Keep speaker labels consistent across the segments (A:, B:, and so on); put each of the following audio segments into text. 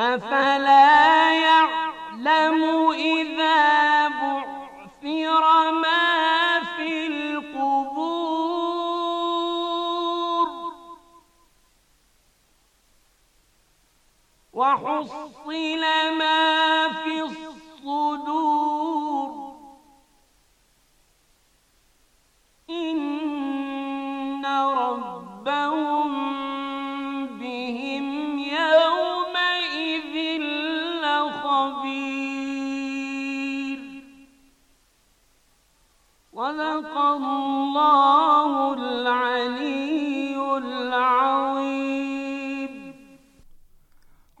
A: أفلا يعلم إذا بعثر ما في القبور وحصل ما في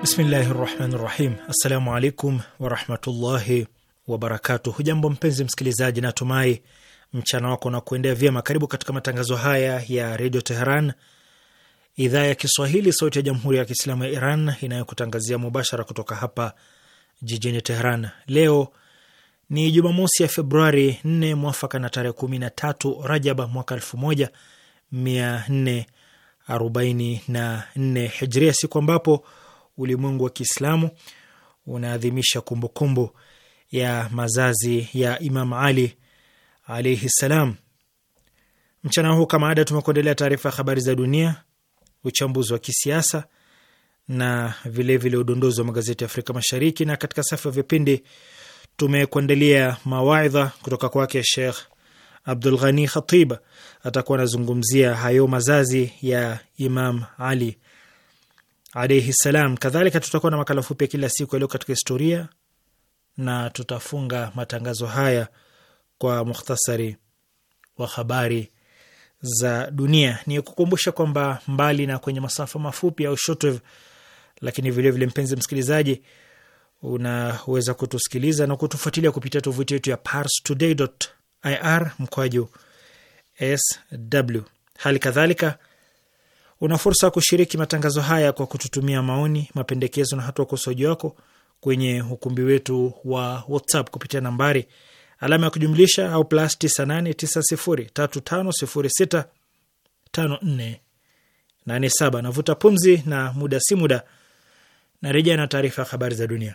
B: Bismillahi rahmani rahim. Assalamu alaikum warahmatullahi wabarakatuh. Hujambo mpenzi msikilizaji, natumai mchana wako na kuendea vyema. Karibu katika matangazo haya ya redio Teheran, idhaa ya Kiswahili, sauti ya jamhuri ya kiislamu ya Iran inayokutangazia mubashara kutoka hapa jijini Teheran. Leo ni Jumamosi ya Februari 4 mwafaka na tarehe 13 Rajaba mwaka 1444 Hijria, siku ambapo ulimwengu wa Kiislamu unaadhimisha kumbukumbu ya mazazi ya Imam Ali alaihi salam. Mchana huu kama ada, tumekuendelea taarifa ya habari za dunia, uchambuzi wa kisiasa na vilevile udondozi wa magazeti ya Afrika Mashariki, na katika safu ya vipindi tumekuandalia mawaidha kutoka kwake Shekh Abdul Ghani Khatiba, atakuwa anazungumzia hayo mazazi ya Imam Ali alaihi salam. Kadhalika tutakuwa na makala fupi ya kila siku yaliyo katika historia na tutafunga matangazo haya kwa mukhtasari wa habari za dunia. Ni kukumbusha kwamba mbali na kwenye masafa mafupi au shortwave, lakini vilevile vile, mpenzi msikilizaji, unaweza kutusikiliza na kutufuatilia kupitia tovuti yetu ya parstoday.ir mkwaju sw. Hali kadhalika Una fursa ya kushiriki matangazo haya kwa kututumia maoni, mapendekezo na hatua ukosoaji wako kwenye ukumbi wetu wa WhatsApp kupitia nambari alama ya kujumlisha au plus 989035065487. Navuta pumzi na muda si muda na reja na taarifa ya habari za dunia.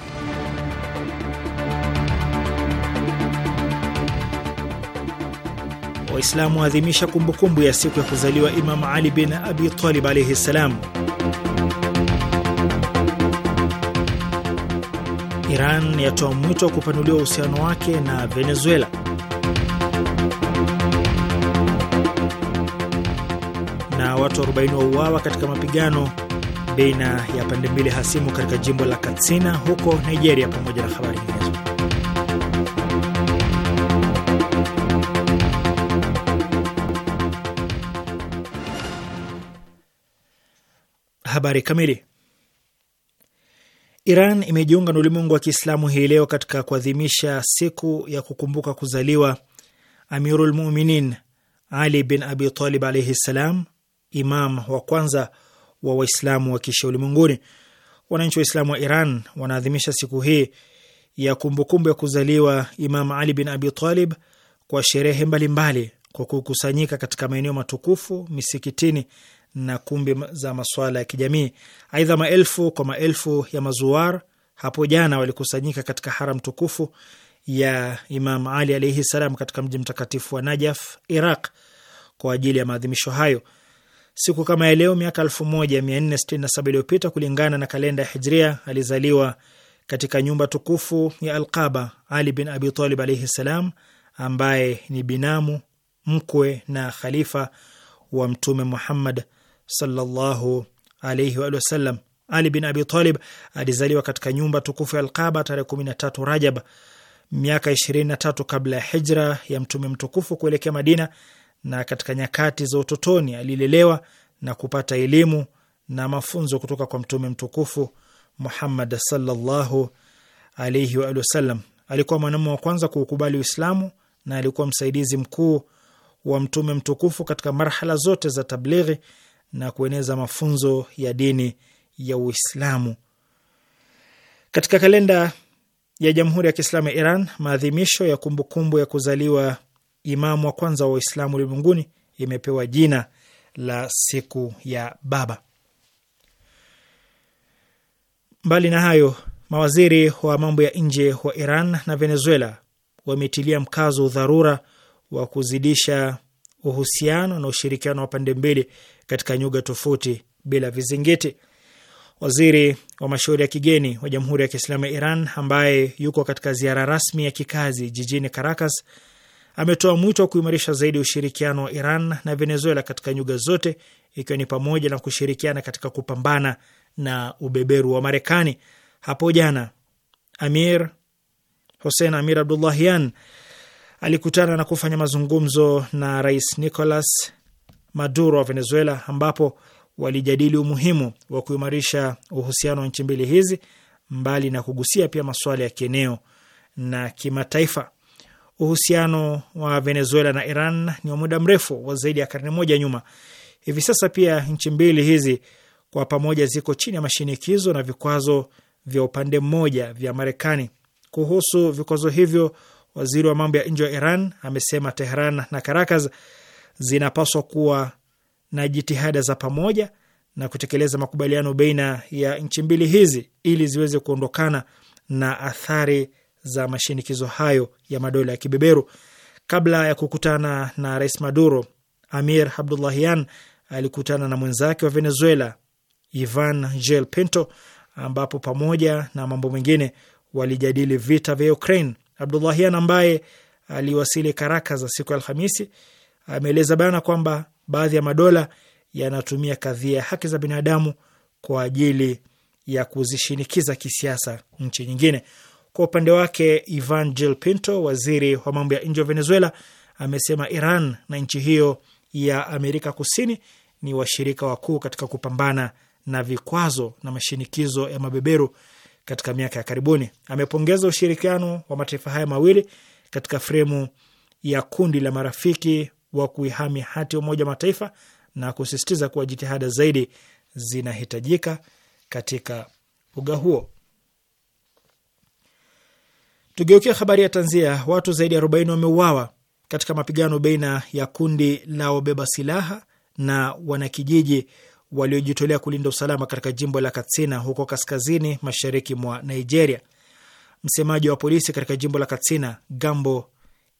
B: Waislamu waadhimisha kumbukumbu ya siku ya kuzaliwa Imam Ali bin Abi Talib alaihi ssalam. Iran yatoa mwito wa kupanuliwa uhusiano wake na Venezuela. Na watu 40 wauawa katika mapigano baina ya pande mbili hasimu katika jimbo la Katsina huko Nigeria, pamoja na habari nyingine. Habari kamili. Iran imejiunga na ulimwengu wa Kiislamu hii leo katika kuadhimisha siku ya kukumbuka kuzaliwa Amirul Muminin Ali bin Abi Talib alaihi ssalam, imam wa kwanza wa Waislamu wa kisha ulimwenguni. Wananchi Waislamu wa Iran wanaadhimisha siku hii ya kumbukumbu ya kuzaliwa Imam Ali bin Abi Talib kwa sherehe mbalimbali, kwa kukusanyika katika maeneo matukufu, misikitini na kumbi za masuala ya kijamii. Aidha, maelfu kwa maelfu ya mazuar hapo jana walikusanyika katika haram tukufu ya Imam Ali alaihi salam katika mji mtakatifu wa Najaf, Iraq, kwa ajili ya maadhimisho hayo. Siku kama ya leo miaka 1467 iliyopita kulingana na kalenda ya Hijria, alizaliwa katika nyumba tukufu ya Alqaba Ali bin Abi Talib alaihi salam, ambaye ni binamu mkwe na khalifa wa Mtume Muhammad sallallahu alaihi wa sallam. Ali bin Abi Talib alizaliwa katika nyumba tukufu ya Alqaba tarehe 13 Rajab miaka 23 kabla ya hijra ya mtume mtukufu kuelekea Madina, na katika nyakati za utotoni alilelewa na kupata elimu na mafunzo kutoka kwa mtume mtukufu Muhammad sallallahu alaihi wa sallam. Alikuwa mwanamume wa kwanza kuukubali Uislamu na alikuwa msaidizi mkuu wa mtume mtukufu katika marhala zote za tablighi na kueneza mafunzo ya dini ya Uislamu. Katika kalenda ya Jamhuri ya Kiislamu ya Iran, maadhimisho ya kumbukumbu kumbu ya kuzaliwa imamu wa kwanza wa Waislamu ulimwenguni imepewa jina la siku ya baba. Mbali na hayo, mawaziri wa mambo ya nje wa Iran na Venezuela wametilia mkazo dharura wa kuzidisha uhusiano na ushirikiano wa pande mbili katika nyuga tofauti bila vizingiti. Waziri wa mashauri ya kigeni wa Jamhuri ya Kiislamu ya Iran ambaye yuko katika ziara rasmi ya kikazi jijini Caracas ametoa mwito wa kuimarisha zaidi ushirikiano wa Iran na Venezuela katika nyuga zote, ikiwa ni pamoja na kushirikiana katika kupambana na ubeberu wa Marekani. Hapo jana Amir Hussein Amir Abdullahian alikutana na kufanya mazungumzo na Rais Nicolas Maduro wa Venezuela, ambapo walijadili umuhimu wa kuimarisha uhusiano wa nchi mbili hizi mbali na kugusia pia masuala ya kieneo na kimataifa. Uhusiano wa Venezuela na Iran ni wa muda mrefu wa zaidi ya karne moja nyuma. Hivi sasa pia nchi mbili hizi kwa pamoja ziko chini ya mashinikizo na vikwazo vya upande mmoja vya Marekani. Kuhusu vikwazo hivyo, waziri wa mambo ya nje wa Iran amesema Tehran na Caracas zinapaswa kuwa na jitihada za pamoja na kutekeleza makubaliano baina ya nchi mbili hizi ili ziweze kuondokana na athari za mashinikizo hayo ya madola ya kibeberu. Kabla ya kukutana na Rais Maduro, Amir Abdullahian alikutana na mwenzake wa Venezuela Ivan Gel Pinto, ambapo pamoja na mambo mengine walijadili vita vya Ukraine. Abdullahian ambaye aliwasili Caracas siku ya Alhamisi Ameeleza bayana kwamba baadhi ya madola yanatumia kadhia ya haki za binadamu kwa ajili ya kuzishinikiza kisiasa nchi nyingine. Kwa upande wake, Ivan Gil Pinto, waziri wa mambo ya nje wa Venezuela, amesema Iran na nchi hiyo ya Amerika Kusini ni washirika wakuu katika kupambana na vikwazo na mashinikizo ya mabeberu katika miaka ya karibuni. Amepongeza ushirikiano wa mataifa haya mawili katika fremu ya kundi la marafiki wa kuihami hati ya Umoja wa Mataifa na kusisitiza kuwa jitihada zaidi zinahitajika katika uga huo. Tugeukia habari ya tanzia. Watu zaidi ya 40 wameuawa katika mapigano baina ya kundi la wabeba silaha na wanakijiji waliojitolea kulinda usalama katika jimbo la Katsina huko kaskazini mashariki mwa Nigeria. Msemaji wa polisi katika jimbo la Katsina, Gambo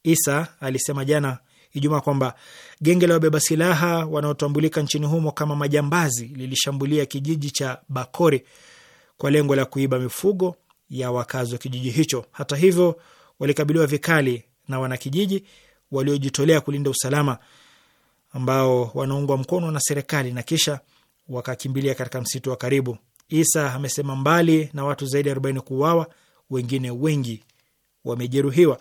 B: Isa, alisema jana Ijumaa kwamba genge la wabeba silaha wanaotambulika nchini humo kama majambazi lilishambulia kijiji cha Bakore kwa lengo la kuiba mifugo ya wakazi wa kijiji hicho. Hata hivyo, walikabiliwa vikali na wanakijiji waliojitolea kulinda usalama ambao wanaungwa mkono na serikali na kisha wakakimbilia katika msitu wa karibu. Isa amesema mbali na watu zaidi ya 40 kuuawa, wengine wengi wamejeruhiwa.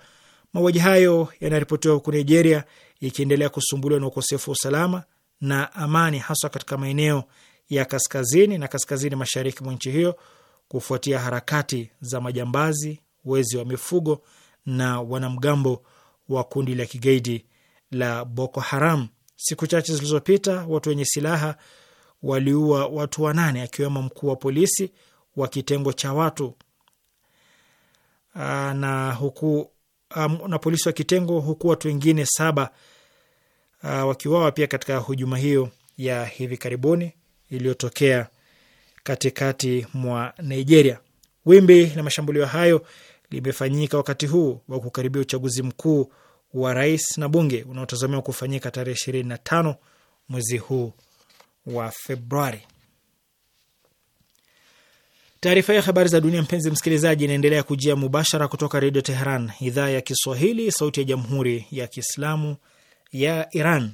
B: Mauaji hayo yanaripotiwa huku Nigeria ikiendelea kusumbuliwa na ukosefu wa usalama na amani, haswa katika maeneo ya kaskazini na kaskazini mashariki mwa nchi hiyo kufuatia harakati za majambazi, wezi wa mifugo na wanamgambo wa kundi la kigaidi la Boko Haram. Siku chache zilizopita watu wenye silaha waliua watu wanane akiwemo mkuu wa polisi wa kitengo cha watu na huku um, na polisi wa kitengo, huku watu wengine saba uh, wakiwawa pia katika hujuma hiyo ya hivi karibuni iliyotokea katikati mwa Nigeria. Wimbi la mashambulio hayo limefanyika wakati huu wa kukaribia uchaguzi mkuu wa rais na bunge unaotazamiwa kufanyika tarehe ishirini na tano mwezi huu wa Februari. Taarifa ya habari za dunia, mpenzi msikilizaji, inaendelea kujia mubashara kutoka Redio Teheran, idhaa ya Kiswahili, sauti ya Jamhuri ya Kiislamu ya Iran.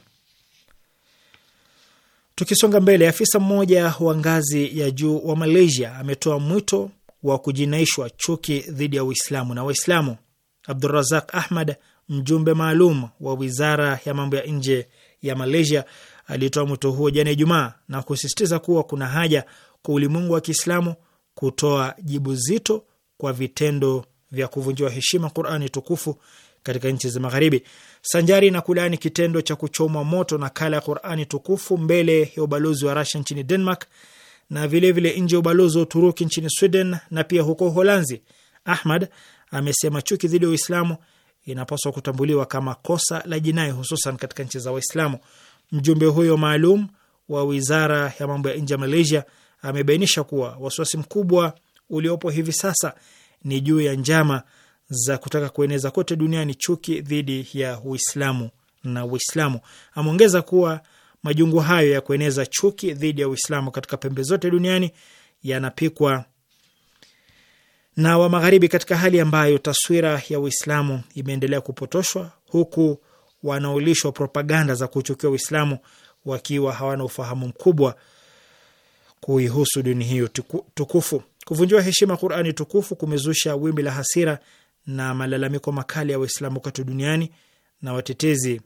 B: Tukisonga mbele, afisa mmoja wa ngazi ya juu wa Malaysia ametoa mwito wa kujinaishwa chuki dhidi ya Uislamu na Waislamu. Abdurazak Ahmad, mjumbe maalum wa wizara ya mambo ya nje ya Malaysia, alitoa mwito huo jana Ijumaa na kusisitiza kuwa kuna haja kwa ulimwengu wa Kiislamu kutoa jibu zito kwa vitendo vya kuvunjiwa heshima Qurani tukufu katika nchi za Magharibi, sanjari na kulaani kitendo cha kuchomwa moto nakala ya Qurani tukufu mbele ya ubalozi wa Rusia nchini Denmark na vilevile nje ya ubalozi wa Uturuki nchini Sweden na pia huko Uholanzi. Ahmad amesema chuki dhidi ya Uislamu inapaswa kutambuliwa kama kosa la jinai, hususan katika nchi za Waislamu. Mjumbe huyo maalum wa wizara ya mambo ya nje ya Malaysia amebainisha kuwa wasiwasi mkubwa uliopo hivi sasa ni juu ya njama za kutaka kueneza kote duniani chuki dhidi ya Uislamu na Uislamu. Ameongeza kuwa majungu hayo ya kueneza chuki dhidi ya Uislamu katika pembe zote duniani yanapikwa na wa Magharibi katika hali ambayo taswira ya Uislamu imeendelea kupotoshwa huku wanaolishwa propaganda za kuchukia Uislamu wakiwa hawana ufahamu mkubwa kuihusu dini hiyo tukufu. Kuvunjiwa heshima Qurani tukufu kumezusha wimbi la hasira na malalamiko makali ya Waislamu kote duniani, na watetezi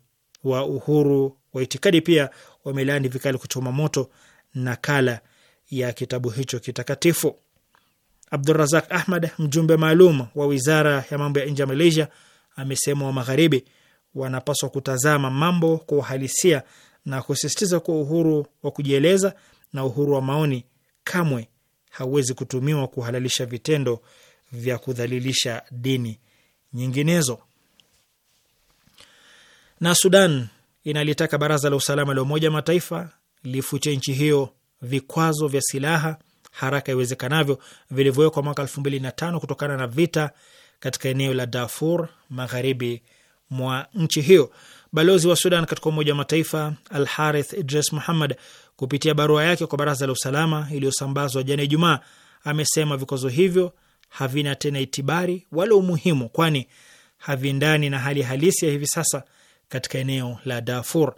B: wa uhuru wa itikadi pia wamelaani vikali kuchoma moto nakala ya kitabu hicho kitakatifu. Abdurazak Ahmad, mjumbe maalum wa wizara ya mambo ya nje ya Malaysia, amesema wa Magharibi wanapaswa kutazama mambo kwa uhalisia na kusisitiza kuwa uhuru wa kujieleza na uhuru wa maoni kamwe hauwezi kutumiwa kuhalalisha vitendo vya kudhalilisha dini nyinginezo. Na Sudan inalitaka baraza la usalama la Umoja Mataifa lifuche nchi hiyo vikwazo vya silaha haraka iwezekanavyo vilivyowekwa mwaka elfu mbili na tano kutokana na vita katika eneo la Darfur magharibi mwa nchi hiyo. Balozi wa Sudan katika Umoja wa Mataifa Al Harith Idris Muhammad, kupitia barua yake kwa Baraza la Usalama iliyosambazwa jana Ijumaa, amesema vikwazo hivyo havina tena itibari wala umuhimu, kwani haviendani na hali halisi ya hivi sasa katika eneo la Darfur.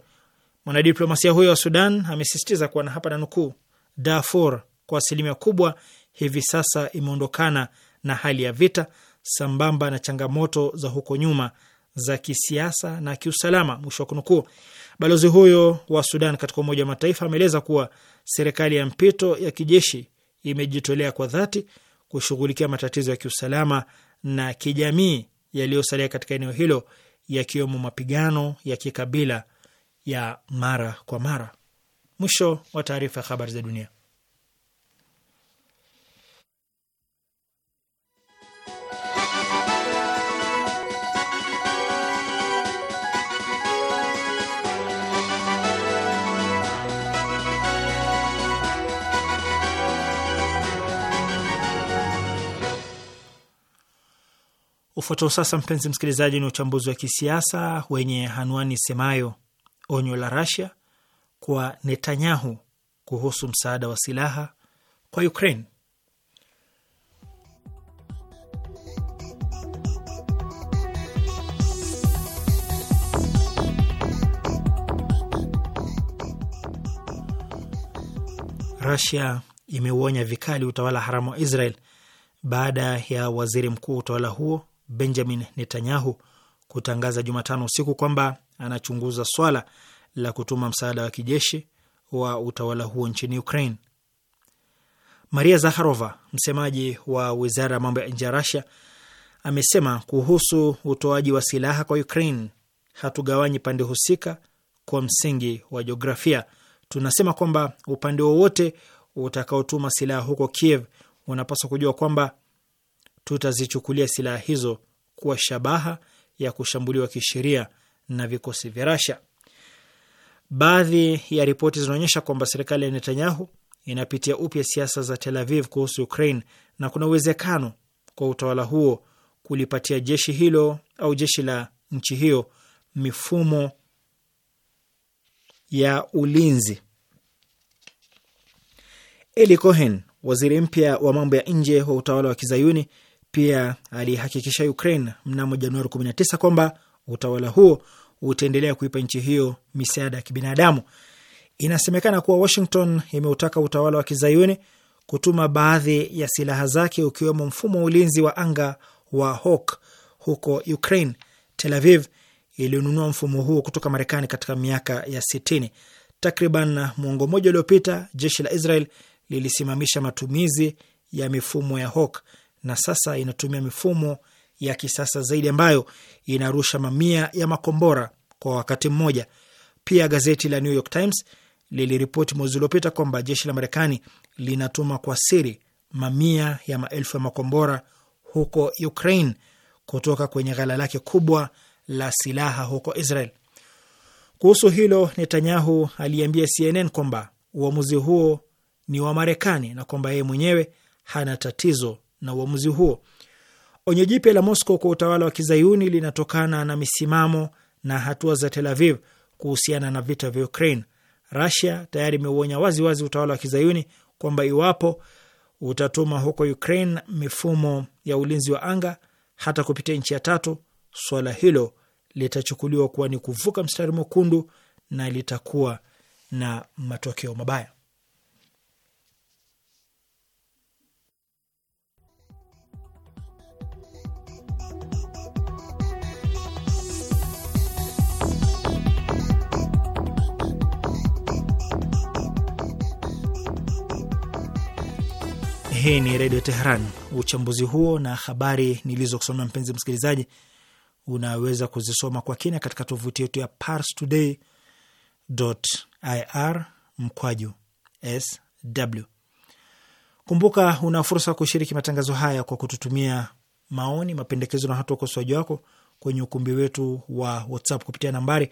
B: Mwanadiplomasia huyo wa Sudan amesisitiza kuwa na hapa na nukuu, Darfur kwa asilimia kubwa hivi sasa imeondokana na hali ya vita sambamba na changamoto za huko nyuma za kisiasa na kiusalama, mwisho wa kunukuu. Balozi huyo wa Sudan katika Umoja wa Mataifa ameeleza kuwa serikali ya mpito ya kijeshi imejitolea kwa dhati kushughulikia matatizo ya kiusalama na kijamii yaliyosalia katika eneo hilo, yakiwemo mapigano ya kikabila ya mara kwa mara. Mwisho wa taarifa ya habari za dunia. Ufuatao sasa, mpenzi msikilizaji, ni uchambuzi wa kisiasa wenye anwani semayo onyo la Rasia kwa Netanyahu kuhusu msaada wa silaha kwa Ukraine. Rasia imeuonya vikali utawala haramu wa Israel baada ya waziri mkuu wa utawala huo Benjamin Netanyahu kutangaza Jumatano usiku kwamba anachunguza swala la kutuma msaada wa kijeshi wa utawala huo nchini Ukraine. Maria Zakharova, msemaji wa wizara ya mambo ya nje ya Rasia, amesema kuhusu utoaji wa silaha kwa Ukraine, hatugawanyi pande husika kwa msingi wa jiografia. Tunasema kwamba upande wowote utakaotuma silaha huko Kiev unapaswa kujua kwamba tutazichukulia silaha hizo kuwa shabaha ya kushambuliwa kisheria na vikosi vya Rasha. Baadhi ya ripoti zinaonyesha kwamba serikali ya Netanyahu inapitia upya siasa za Tel Aviv kuhusu Ukraine na kuna uwezekano kwa utawala huo kulipatia jeshi hilo au jeshi la nchi hiyo mifumo ya ulinzi. Eli Cohen, waziri mpya wa mambo ya nje wa utawala wa Kizayuni, pia alihakikisha Ukraine mnamo Januari 19 kwamba utawala huo utaendelea kuipa nchi hiyo misaada ya kibinadamu. Inasemekana kuwa Washington imeutaka utawala wa kizayuni kutuma baadhi ya silaha zake ukiwemo mfumo wa ulinzi wa anga wa Hawk huko Ukraine. Tel Aviv ilionunua mfumo huo kutoka Marekani katika miaka ya sitini. Takriban mwongo mmoja uliopita, jeshi la Israel lilisimamisha matumizi ya mifumo ya Hawk na sasa inatumia mifumo ya kisasa zaidi ambayo inarusha mamia ya makombora kwa wakati mmoja. Pia gazeti la New York Times liliripoti mwezi uliopita kwamba jeshi la Marekani linatuma kwa siri mamia ya maelfu ya makombora huko Ukraine kutoka kwenye ghala lake kubwa la silaha huko Israel. Kuhusu hilo, Netanyahu aliambia CNN kwamba uamuzi huo ni wa Marekani na kwamba yeye mwenyewe hana tatizo na uamuzi huo. Onyo jipya la Moscow kwa utawala wa kizayuni linatokana na misimamo na hatua za Tel Aviv kuhusiana na vita vya Ukraine. rasia tayari imeuonya waziwazi utawala wa kizayuni kwamba iwapo utatuma huko Ukraine mifumo ya ulinzi wa anga hata kupitia nchi ya tatu, swala hilo litachukuliwa kuwa ni kuvuka mstari mwekundu na litakuwa na matokeo mabaya. Hii ni Redio Teheran. Uchambuzi huo na habari nilizokusomea, mpenzi msikilizaji, unaweza kuzisoma kwa kina katika tovuti yetu ya parstoday.ir mkwaju sw. Kumbuka una fursa ya kushiriki matangazo haya kwa kututumia maoni, mapendekezo na hata ukosoaji wako kwenye ukumbi wetu wa WhatsApp kupitia nambari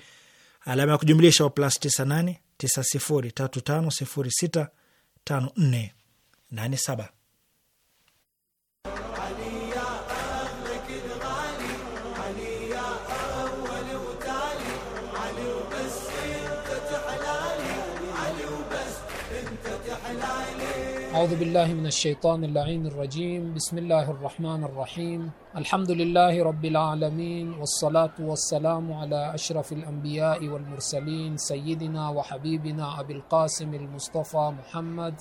B: alama ya kujumlisha wa plus 98 9035065487.
C: أعوذ بالله من الشيطان اللعين الرجيم بسم الله الرحمن الرحيم الحمد لله رب العالمين والصلاة والسلام على أشرف الأنبياء والمرسلين سيدنا وحبيبنا أبي القاسم المصطفى محمد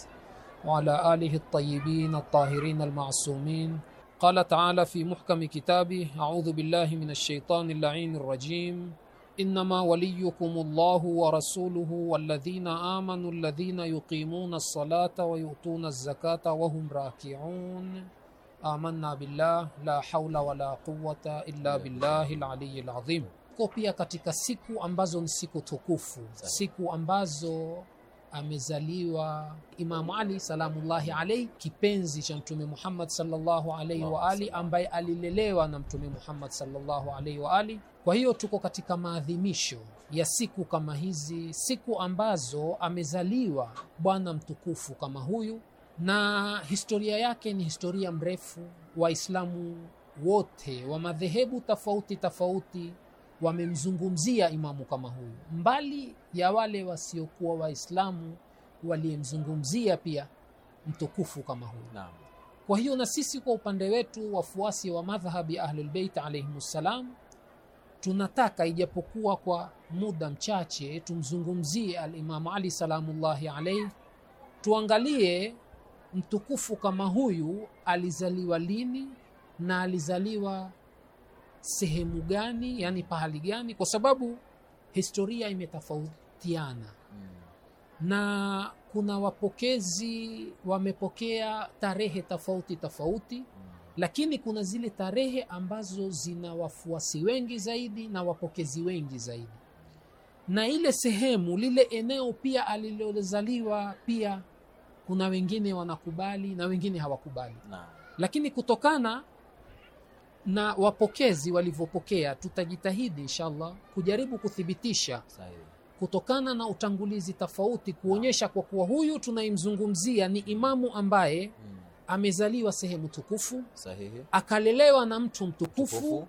C: وعلى آله الطيبين الطاهرين المعصومين قال تعالى في محكم كتابه أعوذ بالله من الشيطان اللعين الرجيم انما وليكم الله ورسوله والذين آمنوا الذين يقيمون الصلاة ويؤتون الزكاة وهم راكعون آمنا بالله لا حول ولا قوة إلا بالله العلي العظيم. Tuko pia katika siku ambazo ni siku tukufu, siku ambazo amezaliwa Imamu Ali salamullahi alaihi, kipenzi cha Mtume Muhammad sallallahu alaihi wa ali, ambaye alilelewa na Mtume Muhammad sallallahu alaihi wa ali. Kwa hiyo tuko katika maadhimisho ya siku kama hizi, siku ambazo amezaliwa bwana mtukufu kama huyu, na historia yake ni historia mrefu. Waislamu wote wa madhehebu tofauti tofauti wamemzungumzia imamu kama huyu, mbali ya wale wasiokuwa Waislamu waliyemzungumzia pia mtukufu kama huyu naam. Kwa hiyo na sisi kwa upande wetu wafuasi wa madhhabi Ahlulbeit alaihimssalam, tunataka ijapokuwa kwa muda mchache tumzungumzie alimamu Ali salamullahi alaihi, tuangalie mtukufu kama huyu alizaliwa lini na alizaliwa sehemu gani, yani pahali gani, kwa sababu historia imetofautiana mm. na kuna wapokezi wamepokea tarehe tofauti tofauti mm. lakini kuna zile tarehe ambazo zina wafuasi wengi zaidi na wapokezi wengi zaidi, hmm. na ile sehemu lile eneo pia alilozaliwa pia kuna wengine wanakubali na wengine hawakubali na. Lakini kutokana na wapokezi walivyopokea, tutajitahidi inshallah kujaribu kuthibitisha Sahi. kutokana na utangulizi tofauti kuonyesha kwa kuwa huyu tunayemzungumzia ni imamu ambaye hmm. amezaliwa sehemu tukufu Sahihi. akalelewa na mtu mtukufu, mtukufu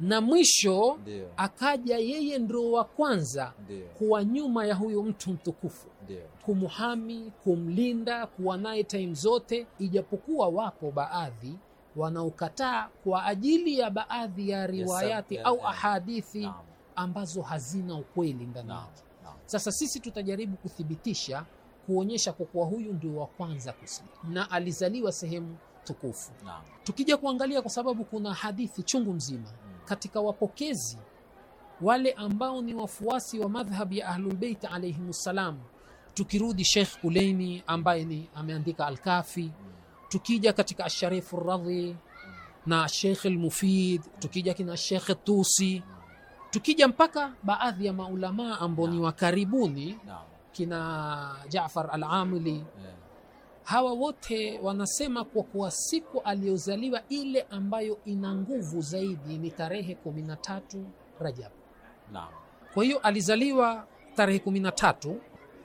C: na mwisho Dio. akaja yeye ndio wa kwanza Dio. kuwa nyuma ya huyo mtu mtukufu Dio. kumuhami kumlinda kuwa naye time zote, ijapokuwa wapo baadhi wanaokataa kwa ajili ya baadhi ya riwayati yes, au ahadithi naam. ambazo hazina ukweli ndani yake sasa sisi tutajaribu kuthibitisha kuonyesha kwa kuwa huyu ndio wa kwanza kusilimu na alizaliwa sehemu tukufu naam. tukija kuangalia kwa sababu kuna hadithi chungu mzima hmm. katika wapokezi wale ambao ni wafuasi wa madhhabi ya ahlulbeiti alaihimssalam tukirudi Sheikh Kuleini ambaye ni ameandika Alkafi hmm tukija katika Asharifu Radhi na Sheikh Lmufid, tukija kina Sheikh Tusi, tukija mpaka baadhi ya maulamaa ambao ni wa karibuni kina Jafar Alamili, eh. hawa wote wanasema kwa kuwa siku aliyozaliwa ile ambayo ina nguvu zaidi ni tarehe 13 Rajab. Kwa hiyo alizaliwa tarehe 13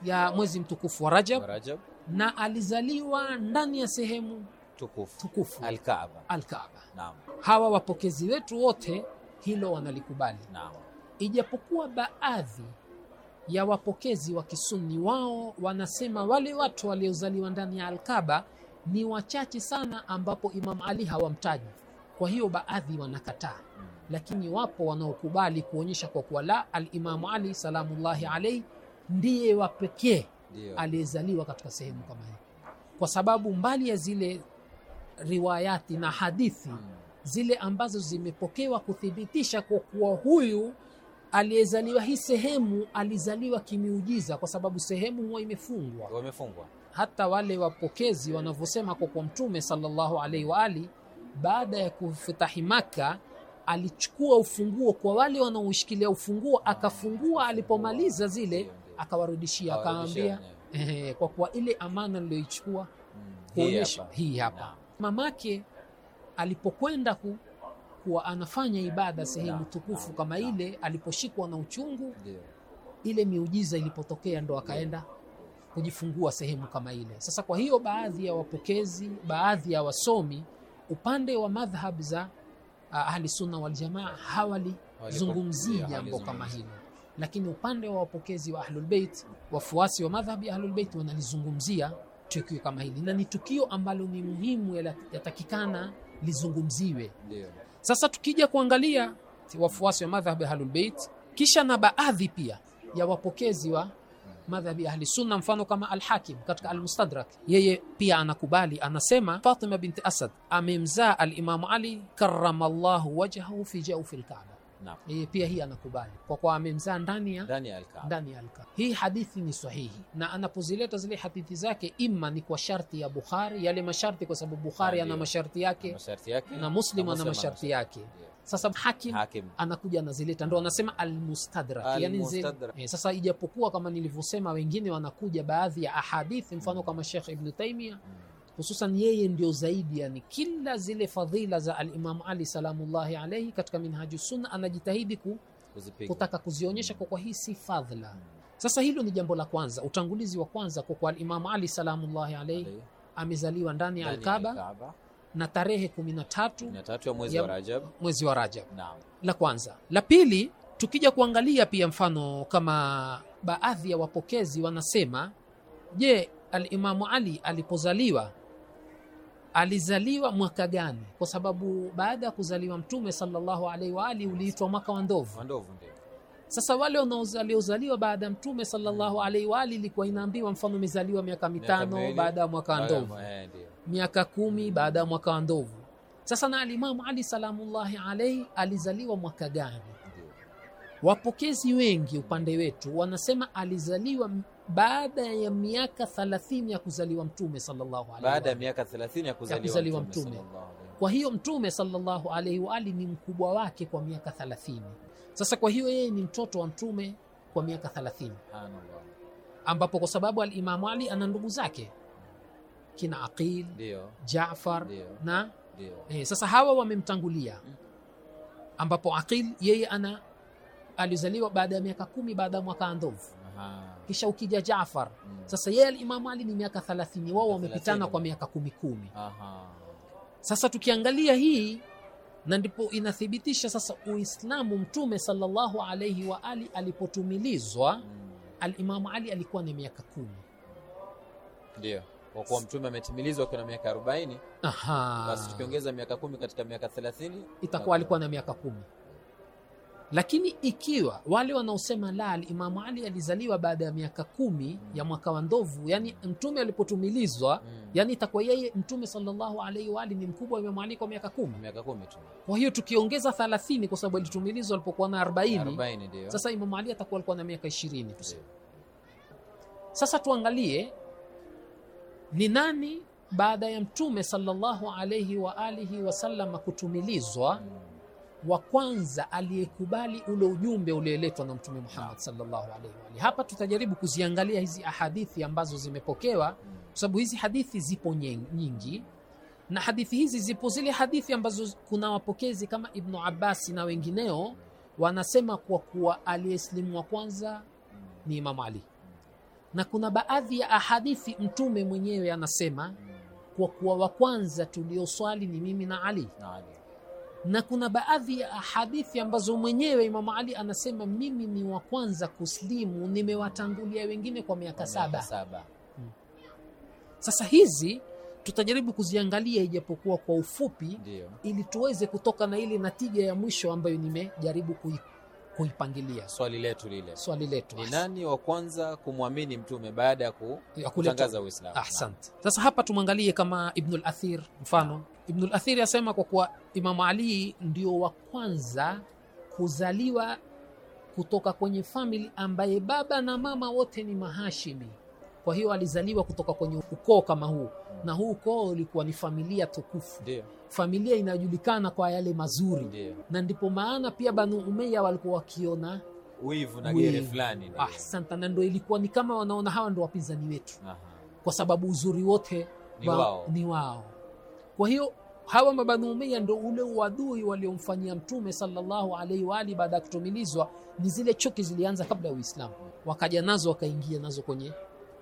C: ya mwezi mtukufu wa Rajab, Rajab na alizaliwa ndani ya sehemu tukufu, tukufu. Alkaaba, Alkaaba. Naam. Hawa wapokezi wetu wote hilo wanalikubali. Naam. Ijapokuwa baadhi ya wapokezi wa Kisuni wao wanasema wale watu waliozaliwa ndani ya Alkaba ni wachache sana, ambapo Imam Ali hawamtaji. Kwa hiyo baadhi wanakataa, hmm. lakini wapo wanaokubali kuonyesha kwa kuwa la, Alimamu Ali salamullahi alaihi ndiye wa pekee aliyezaliwa katika sehemu kama hii, kwa sababu mbali ya zile riwayati na hadithi hmm. zile ambazo zimepokewa kuthibitisha kwa kuwa huyu aliyezaliwa hii sehemu alizaliwa kimiujiza, kwa sababu sehemu huwa imefungwa, imefungwa. Hata wale wapokezi wanavyosema kwa kwa Mtume sallallahu alaihi wa ali, baada ya kufutahi Maka alichukua ufunguo kwa wale wanaoshikilia ufunguo, akafungua. Alipomaliza zile akawarudishia akawaambia eh, kwa kuwa ile amana niliyoichukua mm, kuonyesha hii hapa, hapa. Mamake alipokwenda ku, kuwa anafanya ibada sehemu tukufu kama ile, aliposhikwa na uchungu ile miujiza ilipotokea ndo akaenda kujifungua sehemu kama ile. Sasa kwa hiyo baadhi ya wapokezi, baadhi ya wasomi upande wa madhhab za ah, Ahli Sunna wal Jamaa hawalizungumzii jambo kama hilo. Lakini upande wa wapokezi wa Ahlulbeit, wafuasi wa madhhabi ya Ahlulbeit wanalizungumzia tukio kama hili, na ni tukio ambalo ni muhimu, yatakikana lizungumziwe. Sasa tukija kuangalia wafuasi wa madhhabi ya Ahlulbeit, kisha na baadhi pia ya wapokezi wa madhhabi ahli sunna, mfano kama Alhakim katika Almustadrak, yeye pia anakubali, anasema Fatima binti Asad amemzaa Alimamu Ali llahu wajhahu fi jaufi lkaaba E, pia hii anakubali kwa kuwa amemzaa ndani ya ndani ya alka. Hii hadithi ni sahihi, na anapozileta zile hadithi zake ima ni kwa sharti ya Bukhari, yale masharti, kwa sababu Bukhari ah, ana masharti yake,
D: masharti yake na Muslim ana masharti yake yeah.
C: Sasa hakim, hakim anakuja anazileta, ndo anasema almustadrak al yani e, sasa ijapokuwa kama nilivyosema, wengine wanakuja baadhi ya ahadithi mfano kama Sheikh Ibn Taymiyyah mm hususan yeye ndio zaidi, yani kila zile fadhila za alimamu Ali salamullahi alaihi katika Minhaju Sunna anajitahidi ku, kutaka kuzionyesha kwa kwa hii si fadhila. Sasa hilo ni jambo la kwanza, utangulizi wa kwanza kwa kwa alimamu Ali salamullahi alaihi, amezaliwa ndani ya Alkaba na tarehe 13
D: ya mwezi wa Rajab, mwezi wa Rajab.
C: La kwanza. La pili, tukija kuangalia pia mfano kama baadhi ya wapokezi wanasema, je, Alimamu Ali alipozaliwa alizaliwa mwaka gani, kwa sababu baada ya kuzaliwa Mtume sallallahu alaihi wa ali uliitwa mwaka wa ndovu. sasa wale waliozaliwa baada ya Mtume sallallahu alaihi wa ali ilikuwa inaambiwa, mfano umezaliwa miaka mitano baada ya mwaka wa ndovu, eh, miaka kumi baada ya mwaka wa ndovu. Sasa na alimamu Ali salamullahi alaihi alizaliwa mwaka gani? Wapokezi wengi upande wetu wanasema alizaliwa baada ya miaka 30 ya kuzaliwa mtume sallallahu alaihi baada
D: ya miaka 30 ya kuzaliwa mtume, mtume.
C: Kwa hiyo mtume sallallahu alaihi wa ali ni mkubwa wake kwa miaka 30. Sasa kwa hiyo yeye ni mtoto wa mtume kwa miaka 30, ambapo kwa sababu alimamu Ali ana ndugu zake kina Aqil, Jaafar na eh, sasa hawa wamemtangulia, mm. ambapo Aqil yeye ana alizaliwa baada ya miaka kumi baada ya mwaka andovu Ah. kisha ukija Jaafar mm. Sasa yeye alimamu Ali ni miaka 30, wao wamepitana kwa miaka kumi kumi. Sasa tukiangalia hii na ndipo inathibitisha sasa Uislamu. Mtume sallallahu alaihi wa ali alipotumilizwa mm. Alimamu Ali alikuwa na miaka kumi,
D: ndio kwa kuwa mtume ametimilizwa kwa miaka 40. basi tukiongeza miaka kumi katika miaka 30
C: itakuwa alikuwa na miaka kumi. Lakini ikiwa wale wanaosema la, Imamu Ali alizaliwa baada ya miaka kumi mm. ya mwaka wa ndovu, yani mtume alipotumilizwa mm. yani itakuwa yeye mtume salllahu alaihi waali ni mkubwa wa Imamu Ali kwa miaka kumi, Kwa hiyo tukiongeza thalathini kwa sababu alitumilizwa alipokuwa na arobaini sasa Imamu Ali atakuwa alikuwa na miaka ishirini tuseme. Sasa tuangalie ni nani baada ya mtume salllahu alaihi waalihi wasalama kutumilizwa mm wa kwanza aliyekubali ule ujumbe ulioletwa na Mtume Muhammad sallallahu alaihi wa alihi. Hapa tutajaribu kuziangalia hizi ahadithi ambazo zimepokewa, kwa sababu hizi hadithi zipo nyingi, na hadithi hizi zipo zile hadithi ambazo kuna wapokezi kama Ibnu abasi na wengineo wanasema kwa kuwa aliyeslimu wa kwanza ni Imamu Ali, na kuna baadhi ya ahadithi Mtume mwenyewe anasema kwa kuwa wa kwanza tulioswali ni mimi na Ali, na Ali na kuna baadhi ya hadithi ambazo mwenyewe Imam Ali anasema mimi ni wa kwanza kuslimu, nimewatangulia wengine kwa miaka saba, saba. Hmm. Sasa hizi tutajaribu kuziangalia ijapokuwa kwa ufupi Dio. ili tuweze kutoka na ile natija ya mwisho ambayo nimejaribu kui,
D: kuipangilia swali letu lile swali letu ni nani wa kwanza kumwamini mtume baada ya kutangaza Uislamu? Ahsante.
C: Sasa hapa tumwangalie kama Ibnul Athir mfano ibnulathiri asema kwa kuwa Imamu Ali ndio wa kwanza kuzaliwa kutoka kwenye famili ambaye baba na mama wote ni Mahashimi. Kwa hiyo alizaliwa kutoka kwenye ukoo kama huu, na huu ukoo ulikuwa ni familia tukufu Deo. Familia inayojulikana kwa yale mazuri Deo. Na ndipo maana pia Banu Umayya walikuwa wakiona
D: wivu na gere fulani.
C: Ahsanta, na ndo ilikuwa ni kama wanaona hawa ndo wapinzani wetu. Aha. Kwa sababu uzuri wote ni wao, ni wao. Kwa hiyo hawa Mabanumia ndo ule uadui waliomfanyia Mtume sallallahu alaihi wa ali baada ya kutumilizwa. Ni zile chuki zilianza kabla ya Uislamu, wakaja nazo wakaingia nazo kwenye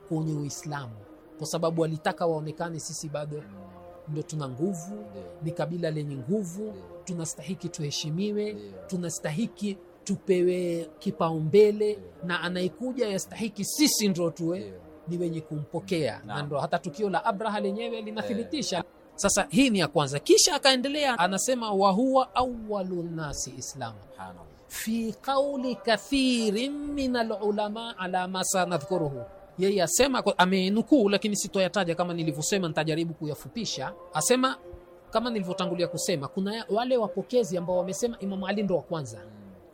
C: kwenye Uislamu kwa sababu walitaka waonekane sisi bado ndio tuna nguvu, ni kabila lenye nguvu, tunastahiki tuheshimiwe, tunastahiki tupewe kipaumbele, na anayekuja yastahiki sisi ndio tuwe ni wenye kumpokea, na ndo hata tukio la Abraha lenyewe linathibitisha eh. Sasa hii ni ya kwanza, kisha akaendelea anasema, wahuwa awalu nasi islam fi qauli kathirin min alulama ala ma sanadhkuruhu yeye asema, amenukuu lakini sitoyataja. Kama nilivyosema, nitajaribu kuyafupisha. Asema kama nilivyotangulia kusema, kuna wale wapokezi ambao wamesema Imamu Ali ndo wa kwanza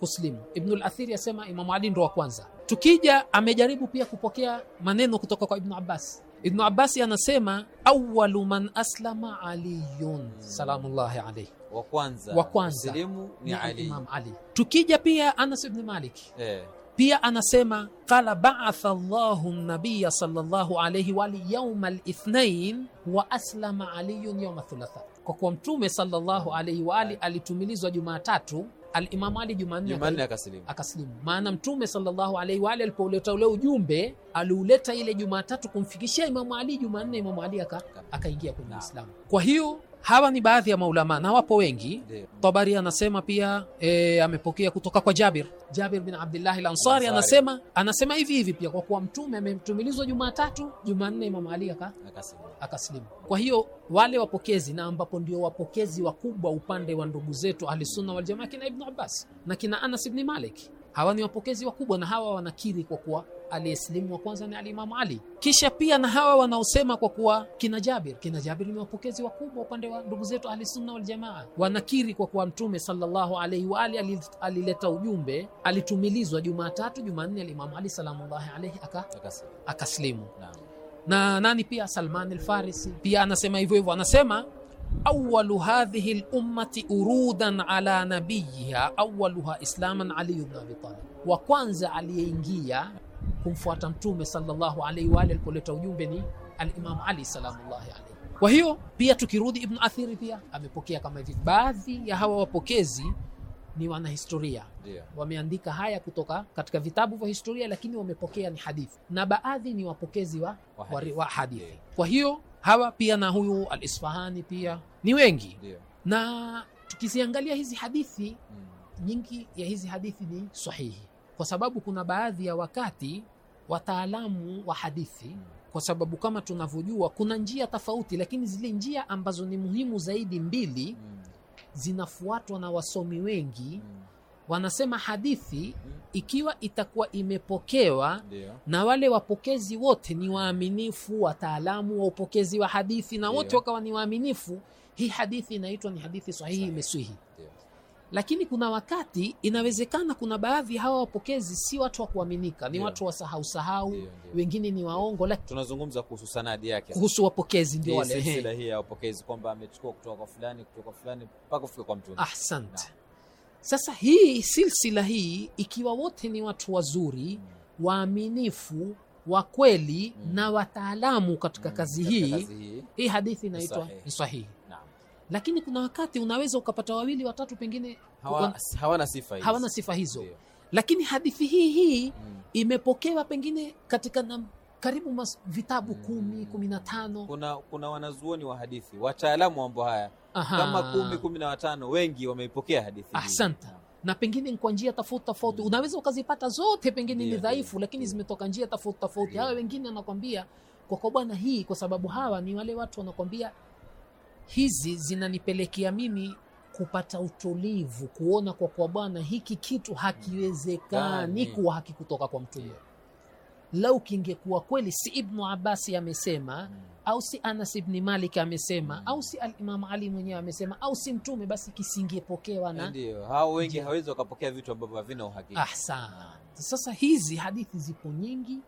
C: kuslimu. Ibnul Athiri asema Imamu Ali ndo wa kwanza. Tukija, amejaribu pia kupokea maneno kutoka kwa Ibnu Abbas Ibnu Abasi anasema awalu man aslama aliyun salamullahi alayhi, wa kwanza wa kwanza muslimu ni Ali. Imam Ali. Tukija pia Anas ibn Malik eh, pia anasema qala ba'atha Allahu an-nabiyya sallallahu alayhi wa alihi yawma al-ithnain wa aslama aliyun al thulatha, kwa kuwa mtume sallallahu alayhi wa alihi alitumilizwa Jumatatu Alimamu Ali Jumanne akasilimu, Maana Mtume sallallahu alaihi wa alihi alipouleta ule ujumbe aliuleta ile Jumatatu kumfikishia Imamu Ali Jumanne, Imamu Ali akaingia kwenye Uislamu. Kwa hiyo Hawa ni baadhi ya maulama na wapo wengi. Tabari anasema pia e, amepokea kutoka kwa Jabir Jabir bin Abdullah al-Ansari anasema anasema hivi hivi pia, kwa kuwa mtume amemtumilizwa Jumatatu, Jumanne Imam Ali aka Kwa hiyo wale wapokezi na ambapo ndio wapokezi wakubwa upande wa ndugu zetu Ahli Sunna wal Jamaa kina Ibn Abbas na kina Anas ibn Malik hawa ni wapokezi wakubwa na hawa wanakiri kwa kuwa aliyesilimu wa kwanza ni alimamu ali kisha pia na hawa wanaosema kwa kuwa kina jabir kina jabir ni wapokezi wakubwa upande wa ndugu zetu ahlisunna waljamaa wanakiri kwa kuwa mtume salllahu alaihi waali alileta ujumbe alitumilizwa jumatatu jumanne alimamu ali salamullahi alaihi aka, akaslimu na. na nani pia salman alfarisi pia anasema hivyo hivyo anasema awalu hadhihi lummati urudan ala nabiyiha awaluha islaman Aliyu bnu Abitalib, wa kwanza aliyeingia kumfuata Mtume sallallahu alaihi wa alihi alikoleta ujumbe ni Alimamu Ali salamullahi alaihi. Kwa hiyo pia tukirudi Ibnu Athiri pia amepokea kama hivi. Baadhi ya hawa wapokezi ni wanahistoria yeah. Wameandika haya kutoka katika vitabu vya historia, lakini wamepokea ni hadithi na baadhi ni wapokezi wa, wa hadithi, wa hadithi. Yeah. Kwa hiyo hawa pia na huyu alisfahani pia ni wengi yeah. na tukiziangalia hizi hadithi mm. nyingi ya hizi hadithi ni sahihi kwa sababu kuna baadhi ya wakati wataalamu wa hadithi hmm. kwa sababu kama tunavyojua kuna njia tofauti lakini zile njia ambazo ni muhimu zaidi mbili mm. zinafuatwa na wasomi wengi mm wanasema hadithi mm-hmm. ikiwa itakuwa imepokewa Dio. na wale wapokezi wote ni waaminifu, wataalamu wa upokezi wa hadithi na Dio. wote wakawa ni waaminifu, hii hadithi inaitwa ni hadithi sahihi, imeswihi. Lakini kuna wakati inawezekana kuna baadhi hawa wapokezi si watu wa kuaminika, ni Dio. watu wasahau sahau Dio. Dio. wengine ni waongo, lakini
D: tunazungumza kuhusu sanadi yake, kuhusu
C: wapokezi, ndio wale silsila
D: hii ya wapokezi kwamba amechukua kutoka kwa fulani, kutoka kwa fulani mpaka kufika kwa mtume. Ahsante. nah.
C: Sasa hii silsila hii, ikiwa wote ni watu wazuri, waaminifu, wa kweli mm. na wataalamu katika mm. kazi hii hii, hadithi inaitwa ni sahihi lakini kuna wakati unaweza ukapata wawili watatu pengine hawana
D: hawa sifa, sifa
C: hizo Ziyo. Lakini hadithi hii hii mm. imepokewa pengine katika na karibu mas, vitabu mm. kumi kumi na tano.
D: Kuna, kuna wanazuoni wa hadithi wataalamu wa haya Aha. kama kumi kumi na watano wengi wameipokea hadithi Asante
C: na pengine kwa njia tofauti tofauti mm. Unaweza ukazipata zote, pengine yeah, ni dhaifu yeah, lakini yeah, zimetoka njia tofauti tofauti yeah. Hawa wengine wanakwambia kwa kwa bwana hii, kwa sababu hawa ni wale watu wanakwambia hizi zinanipelekea mimi kupata utulivu, kuona kwa kwa bwana hiki kitu hakiwezekani kuwa haki kutoka kwa mtu yeah lau kingekuwa kweli si Ibnu Abasi amesema hmm. au si Anas Ibni Malik amesema hmm. au si Alimamu Ali mwenyewe amesema au si Mtume, basi kisingepokewa na
D: hao wengi hawezi wakapokea vitu ambavyo havina Ah, sana
C: sasa hizi hadithi zipo nyingi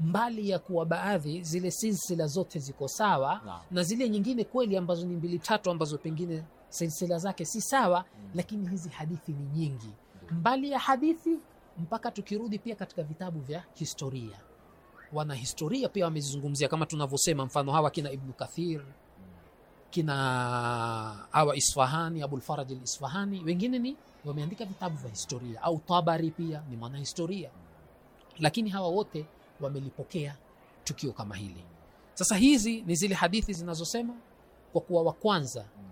C: mbali ya kuwa baadhi zile silsila zote ziko sawa na, na zile nyingine kweli ambazo ni mbili tatu ambazo pengine silsila zake si sawa mm. Lakini hizi hadithi ni nyingi, mbali ya hadithi mpaka tukirudi pia katika vitabu vya historia wanahistoria pia wamezizungumzia kama tunavyosema, mfano hawa kina Ibnu Kathir, kina hawa Isfahani, Abulfaraj al Isfahani, wengine ni wameandika vitabu vya historia, au Tabari pia ni mwanahistoria, lakini hawa wote wamelipokea tukio kama hili. Sasa hizi ni zile hadithi zinazosema kwa kuwa wa kwanza mm.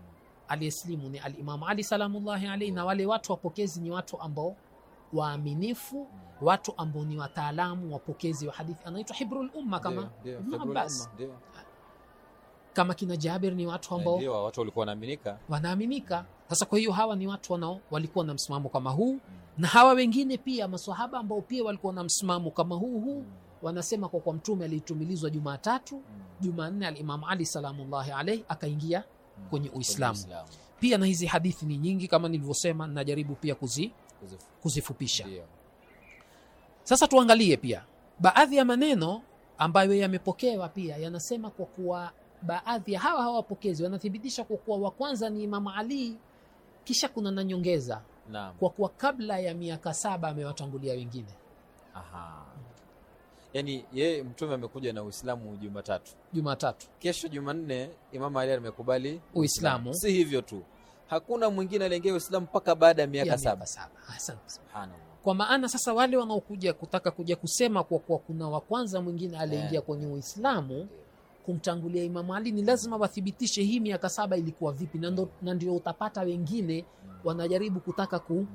C: aliyeslimu ni Alimamu Ali salamullahi alaihi, na wale watu wapokezi ni watu ambao waaminifu, watu ambao ni wataalamu wapokezi wa hadithi. Anaitwa hibrul umma kama Ibn kama kina Jabir ni watu ambao
D: ndio watu walikuwa wanaaminika,
C: wanaaminika. Mm. Sasa kwa hiyo hawa ni watu wanao walikuwa na msimamo kama huu mm. na hawa wengine pia maswahaba ambao pia walikuwa na msimamo kama huu huu mm. wanasema kwa kwa mtume alitumilizwa Jumatatu mm. Jumanne alimamu Ali salamullahi alayhi akaingia kwenye Uislamu. Uislamu pia na hizi hadithi ni nyingi kama nilivyosema, najaribu pia kuzi kuzifupisha. Sasa tuangalie pia baadhi ya maneno ambayo yamepokewa pia yanasema, kwa kuwa baadhi ya hawa hawapokezi wanathibitisha kwa kuwa wa kwanza ni Imam Ali, kisha kuna na nyongeza kwa kuwa kabla ya miaka saba amewatangulia wengine.
D: Aha. Yani yeye mtume amekuja na Uislamu Jumatatu, Jumatatu, kesho Jumanne Imam Ali amekubali Uislamu. Si hivyo tu hakuna mwingine aliingia Uislamu mpaka baada ya miaka saba.
C: Kwa maana sasa wale wanaokuja kutaka kuja kusema kwa kuwa kuna wa kwanza mwingine aliingia eh. kwenye Uislamu kumtangulia Imamu Ali, ni lazima wathibitishe hii miaka saba ilikuwa vipi, na ndio utapata wengine hmm. wanajaribu kutaka ku hmm.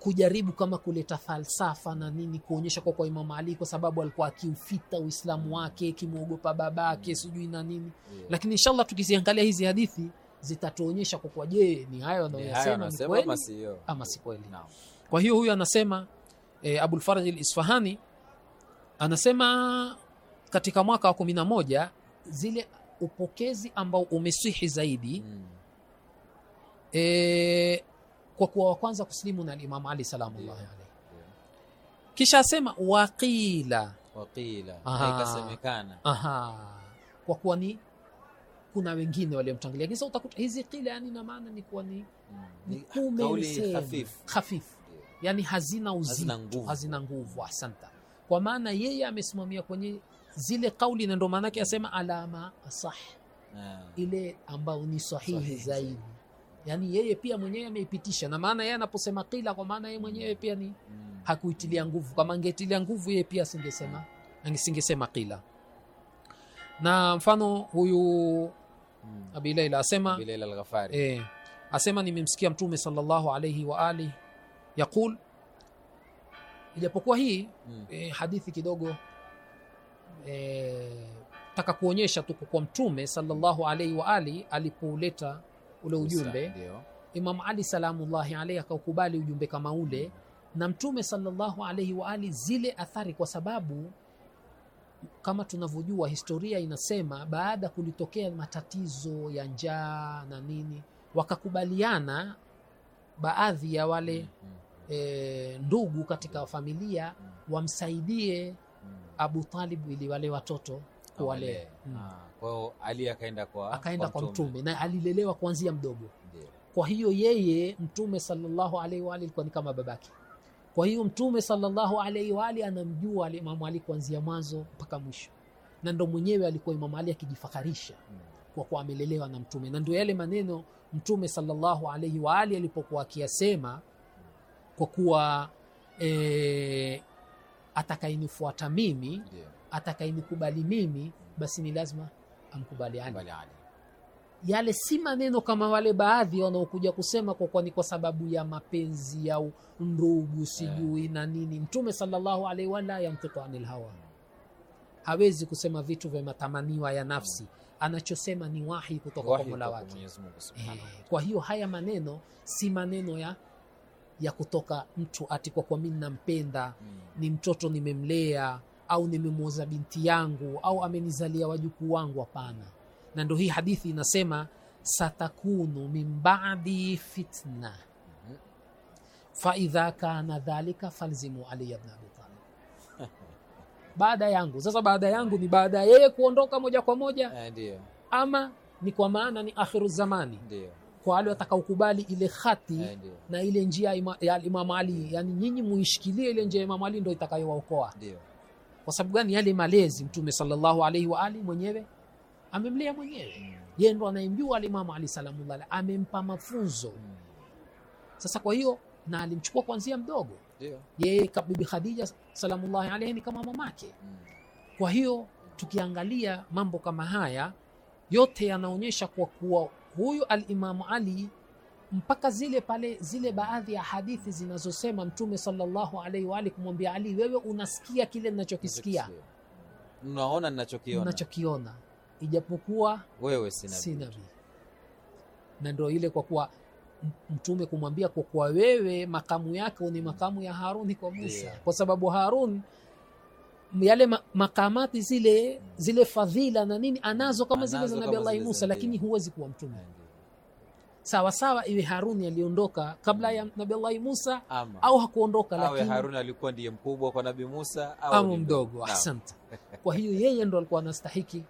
C: kujaribu kama kuleta falsafa na nini kuonyesha kwa kwa Imam Ali kwa sababu alikuwa akiufita Uislamu hmm. wake, akimwogopa babake, sijui na nini yeah. Lakini inshallah tukiziangalia hizi hadithi zitatuonyesha kwa kuwa, je, ni hayo anayoyasema ni kweli ama si kweli? Kwa hiyo huyu anasema e, Abul Faraj al-Isfahani anasema katika mwaka wa kumi na moja zile upokezi ambao umeswihi zaidi mm. E, kwa kuwa wa kwanza kusilimu na Imam Ali salamullahi yeah. alayhi yeah. Kisha asema waqila waqila, kwa kuwa ni kuna wengine waliomtangulia lakini sasa utakuta hizi kila yani na maana ni kuwa ni mm. hafifu yani hazina uzito hazina nguvu asanta kwa maana yeye amesimamia kwenye zile kauli na ndo maanake asema alama sah yeah. ile ambayo ni sahihi zaidi yani yeye pia mwenyewe ameipitisha na maana yeye anaposema kila kwa maana yeye mwenyewe pia ni mm. hakuitilia nguvu kama angetilia nguvu yeye pia singesema singesema kila na mfano huyu Mm. Abi Laila asema Abi al-Ghafari eh, asema nimemsikia Mtume sallallahu alayhi wa alihi yaqul, ijapokuwa hii mm. eh, hadithi kidogo eh, taka kuonyesha tu kwa Mtume sallallahu alayhi wa alihi alipouleta ule ujumbe Misa, Imam Ali salamullahi alayhi akaukubali ujumbe kama ule mm. na Mtume sallallahu alayhi wa zile athari kwa sababu kama tunavyojua historia inasema, baada kulitokea matatizo ya njaa na nini, wakakubaliana baadhi ya wale e, ndugu katika familia wamsaidie Abu Talib ili wale watoto kuwalea.
D: Ah, kwa hiyo Ali akaenda kwa, akaenda kwa mtume,
C: mtume na alilelewa kuanzia mdogo. Kwa hiyo yeye mtume sallallahu alaihi wa alihi alikuwa ni kama babake kwa hiyo mtume salallahu alaihi waali anamjua alimamu ali kuanzia mwanzo mpaka mwisho na ndo mwenyewe alikuwa imamu ali akijifakarisha kwa kuwa amelelewa na mtume na ndio yale maneno mtume salllahu alaihi waali alipokuwa akiyasema kwa kuwa e, atakainifuata mimi atakayenikubali mimi basi ni lazima amkubali ali yale si maneno kama wale baadhi wanaokuja kusema kwa kwani kwa sababu ya mapenzi ya ndugu sijui yeah. na nini. Mtume sallallahu alaihi wala yamtiqu anil hawa, hawezi kusema vitu vya matamaniwa ya nafsi, anachosema ni wahi kutoka kwa Mola wake.
D: Eh,
C: kwa hiyo haya maneno si maneno ya ya kutoka mtu ati kwa kwa mimi nampenda mm. ni mtoto nimemlea, au nimemwoza binti yangu, au amenizalia wajukuu wangu. Hapana na ndo hii hadithi inasema satakunu min badi fitna faidha kana dhalika falzimu aliya bn
E: abitalib
C: baada yangu sasa baada yangu ni baada ya yeye kuondoka moja kwa moja eh, ndio ama ni kwa maana ni akhiru zamani ndio kwa wale watakaokubali ile khati eh, na ile njia ya Imam Ali yani nyinyi muishikilie ile njia ya Imam Ali ndio itakayowaokoa. Kwa sababu gani? Yale malezi Mtume sallallahu alaihi wa ali mwenyewe amemlea mwenyewe mm. yeye ndo anayemjua alimamu ali salamullah amempa mafunzo mm. sasa kwa hiyo na alimchukua kuanzia mdogo yeye bibi khadija salamullahi alaihi ni kama mamake mm. kwa hiyo tukiangalia mambo kama haya yote yanaonyesha kwa kuwa huyu alimamu ali mpaka zile pale zile baadhi ya hadithi zinazosema mtume salllahu alaihi waali kumwambia ali wewe unasikia kile nachokisikia
D: unaona nachokiona
C: ijapokuwa
D: wewe sina bidii
C: na ndio ile kwa kuwa mtume kumwambia kwa kuwa wewe makamu yako ni makamu ya haruni kwa musa yeah. kwa sababu harun yale ma makamati zile zile fadhila na nini anazo kama anazo zile za nabii Allah musa lakini huwezi kuwa mtume sawa sawa iwe haruni aliondoka kabla ya mm. nabii Allah musa
D: ama, au hakuondoka lakini haruni alikuwa ndiye mkubwa kwa nabii musa au mdogo asante
C: kwa hiyo yeye ndo alikuwa anastahiki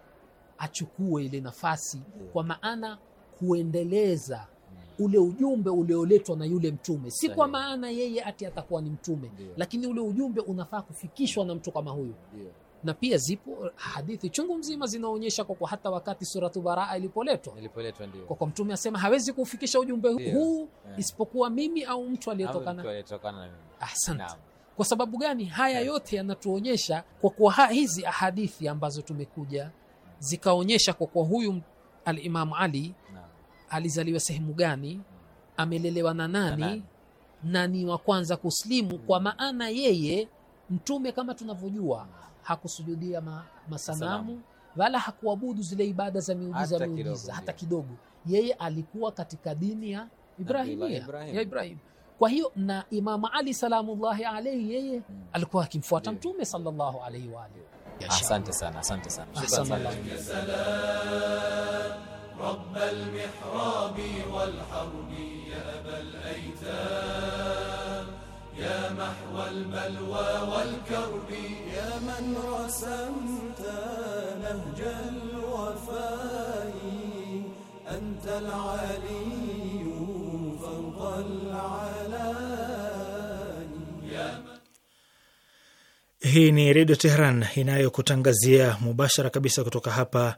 C: achukue ile nafasi, kwa maana kuendeleza mm. ule ujumbe ulioletwa na yule mtume, si kwa maana yeye ati atakuwa ni mtume yeah. Lakini ule ujumbe unafaa kufikishwa na mtu kama huyu yeah. Na pia zipo hadithi chungu mzima zinaonyesha kwa kwa hata wakati suratu Baraa ilipoletwa
D: ilipoletwa, ndio kwa
C: kwa mtume asema hawezi kufikisha ujumbe huu yeah. isipokuwa mimi au mtu aliyetokana
D: na mimi. Asante.
C: Kwa sababu gani? Haya yote yanatuonyesha kwa kwa hizi ahadithi ambazo tumekuja zikaonyesha kwa kuwa huyu alimamu ali alizaliwa sehemu gani hmm. amelelewa na nani, na ni wa kwanza kuslimu hmm. kwa maana yeye mtume kama tunavyojua hmm. hakusujudia ma, masanamu wala hakuabudu zile ibada za miujiza hata miujiza kidogo, hata kidogo yeye alikuwa katika dini ya ibrahimia Ibrahim. ya Ibrahim kwa hiyo na Imamu Ali salamullahi alaihi yeye hmm.
D: alikuwa akimfuata
C: mtume sallallahu alaihi wa alihi
D: Asante sana, asante sana.
A: رب المحراب والحرم يا أبا الأيتام يا محو البلوى والكرب يا
E: من
D: رسمت نهج الوفاء أنت العليم
B: Hii ni Redio Tehran inayokutangazia mubashara kabisa kutoka hapa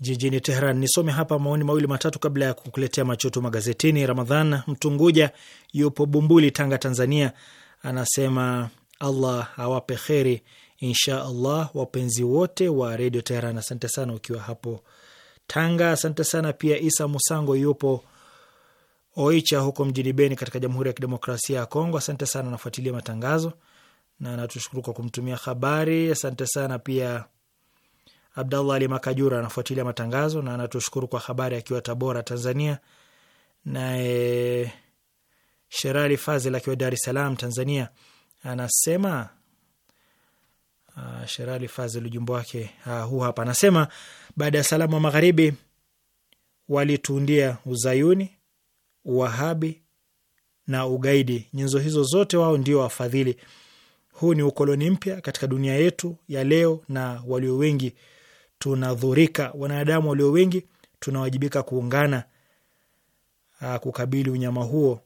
B: jijini Tehran. Nisome hapa maoni mawili matatu kabla ya kukuletea machoto magazetini. Ramadhan Mtunguja yupo Bumbuli, Tanga, Tanzania, anasema Allah awape kheri insha allah wapenzi wote wa Redio Tehran. Asante sana ukiwa hapo Tanga, asante sana pia. Isa Musango yupo Oicha huko mjini Beni katika Jamhuri ya Kidemokrasia ya Kongo, asante sana, anafuatilia matangazo na natushukuru kwa kumtumia habari. Asante sana pia. Abdallah Ali Makajura anafuatilia matangazo na anatushukuru kwa habari akiwa Tabora, Tanzania. Naye Sherali Fazil akiwa Dar es Salaam, Tanzania anasema uh, Sherali Fazil ujumbe wake uh, huu hapa, anasema baada ya salamu, wa magharibi walituundia uzayuni, uwahabi na ugaidi. Nyenzo hizo zote wao ndio wafadhili huu ni ukoloni mpya katika dunia yetu ya leo, na walio wengi tunadhurika. Wanadamu walio wengi tunawajibika kuungana ah, kukabili unyama huo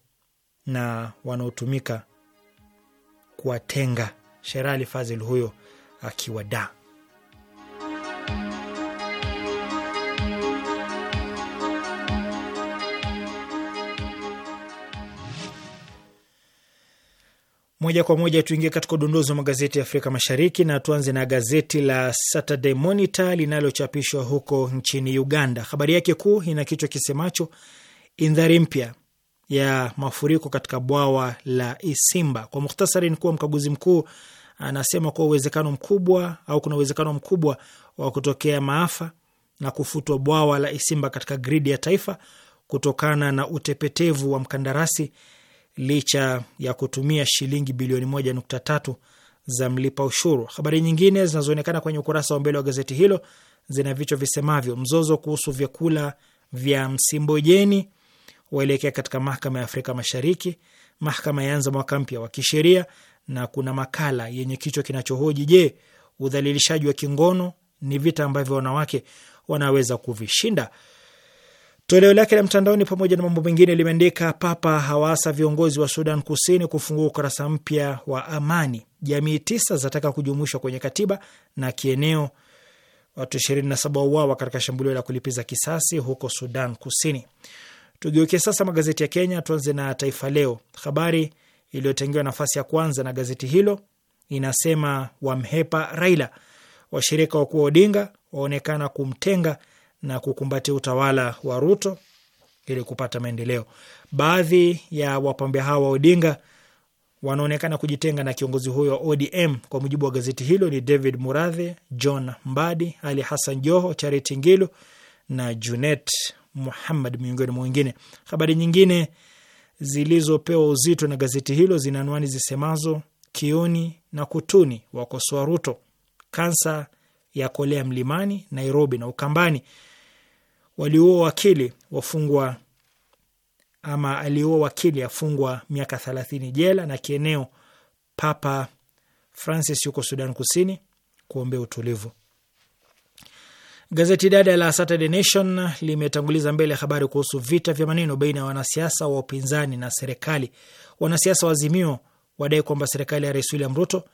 B: na wanaotumika kuwatenga. Sherali Fazil huyo akiwa da Moja kwa moja tuingie katika udondozi wa magazeti ya Afrika Mashariki, na tuanze na gazeti la Saturday Monitor linalochapishwa huko nchini Uganda. Habari yake kuu ina kichwa kisemacho indhari mpya ya mafuriko katika bwawa la Isimba. Kwa muhtasari, ni kuwa mkaguzi mkuu anasema kuwa uwezekano mkubwa au kuna uwezekano mkubwa wa kutokea maafa na kufutwa bwawa la Isimba katika gridi ya taifa kutokana na utepetevu wa mkandarasi licha ya kutumia shilingi bilioni moja nukta tatu za mlipa ushuru. Habari nyingine zinazoonekana kwenye ukurasa wa mbele wa gazeti hilo zina vichwa visemavyo: mzozo kuhusu vyakula vya Msimbojeni waelekea katika mahakama ya Afrika Mashariki, mahakama yaanza mwaka mpya wa kisheria, na kuna makala yenye kichwa kinachohoji je, udhalilishaji wa kingono ni vita ambavyo wanawake wanaweza kuvishinda? Toleo lake la mtandaoni pamoja na mambo mengine limeandika Papa hawasa viongozi wa Sudan Kusini kufungua ukurasa mpya wa amani, jamii tisa zataka kujumuishwa kwenye katiba, na kieneo watu 27 wauawa katika shambulio la kulipiza kisasi huko Sudan Kusini. Tugeukie sasa magazeti ya Kenya, tuanze na Taifa Leo. Habari iliyotengewa nafasi ya kwanza na gazeti hilo inasema wamhepa Raila, washirika wakuu wa Odinga waonekana kumtenga na kukumbatia utawala wa Ruto ili kupata maendeleo. Baadhi ya wapambe hawa wa Odinga wanaonekana kujitenga na kiongozi huyo wa ODM. Kwa mujibu wa gazeti hilo, ni David Muradhi, John Mbadi, Ali Hassan Joho, Charity Ngilu na Junet Muhammad, miongoni mwa wengine. Habari nyingine zilizopewa uzito na gazeti hilo zina anwani zisemazo: kioni na kutuni wakosoa Ruto, kansa ya kolea mlimani, Nairobi na Ukambani, walioua wakili wafungwa ama alioua wakili afungwa miaka thelathini jela. Na kieneo, Papa Francis yuko Sudan Kusini kuombea utulivu. Gazeti dada la Saturday Nation limetanguliza mbele habari kuhusu vita vya maneno baina ya wanasiasa wa upinzani na serikali. Wanasiasa wa Azimio wadai kwamba serikali ya Rais William Ruto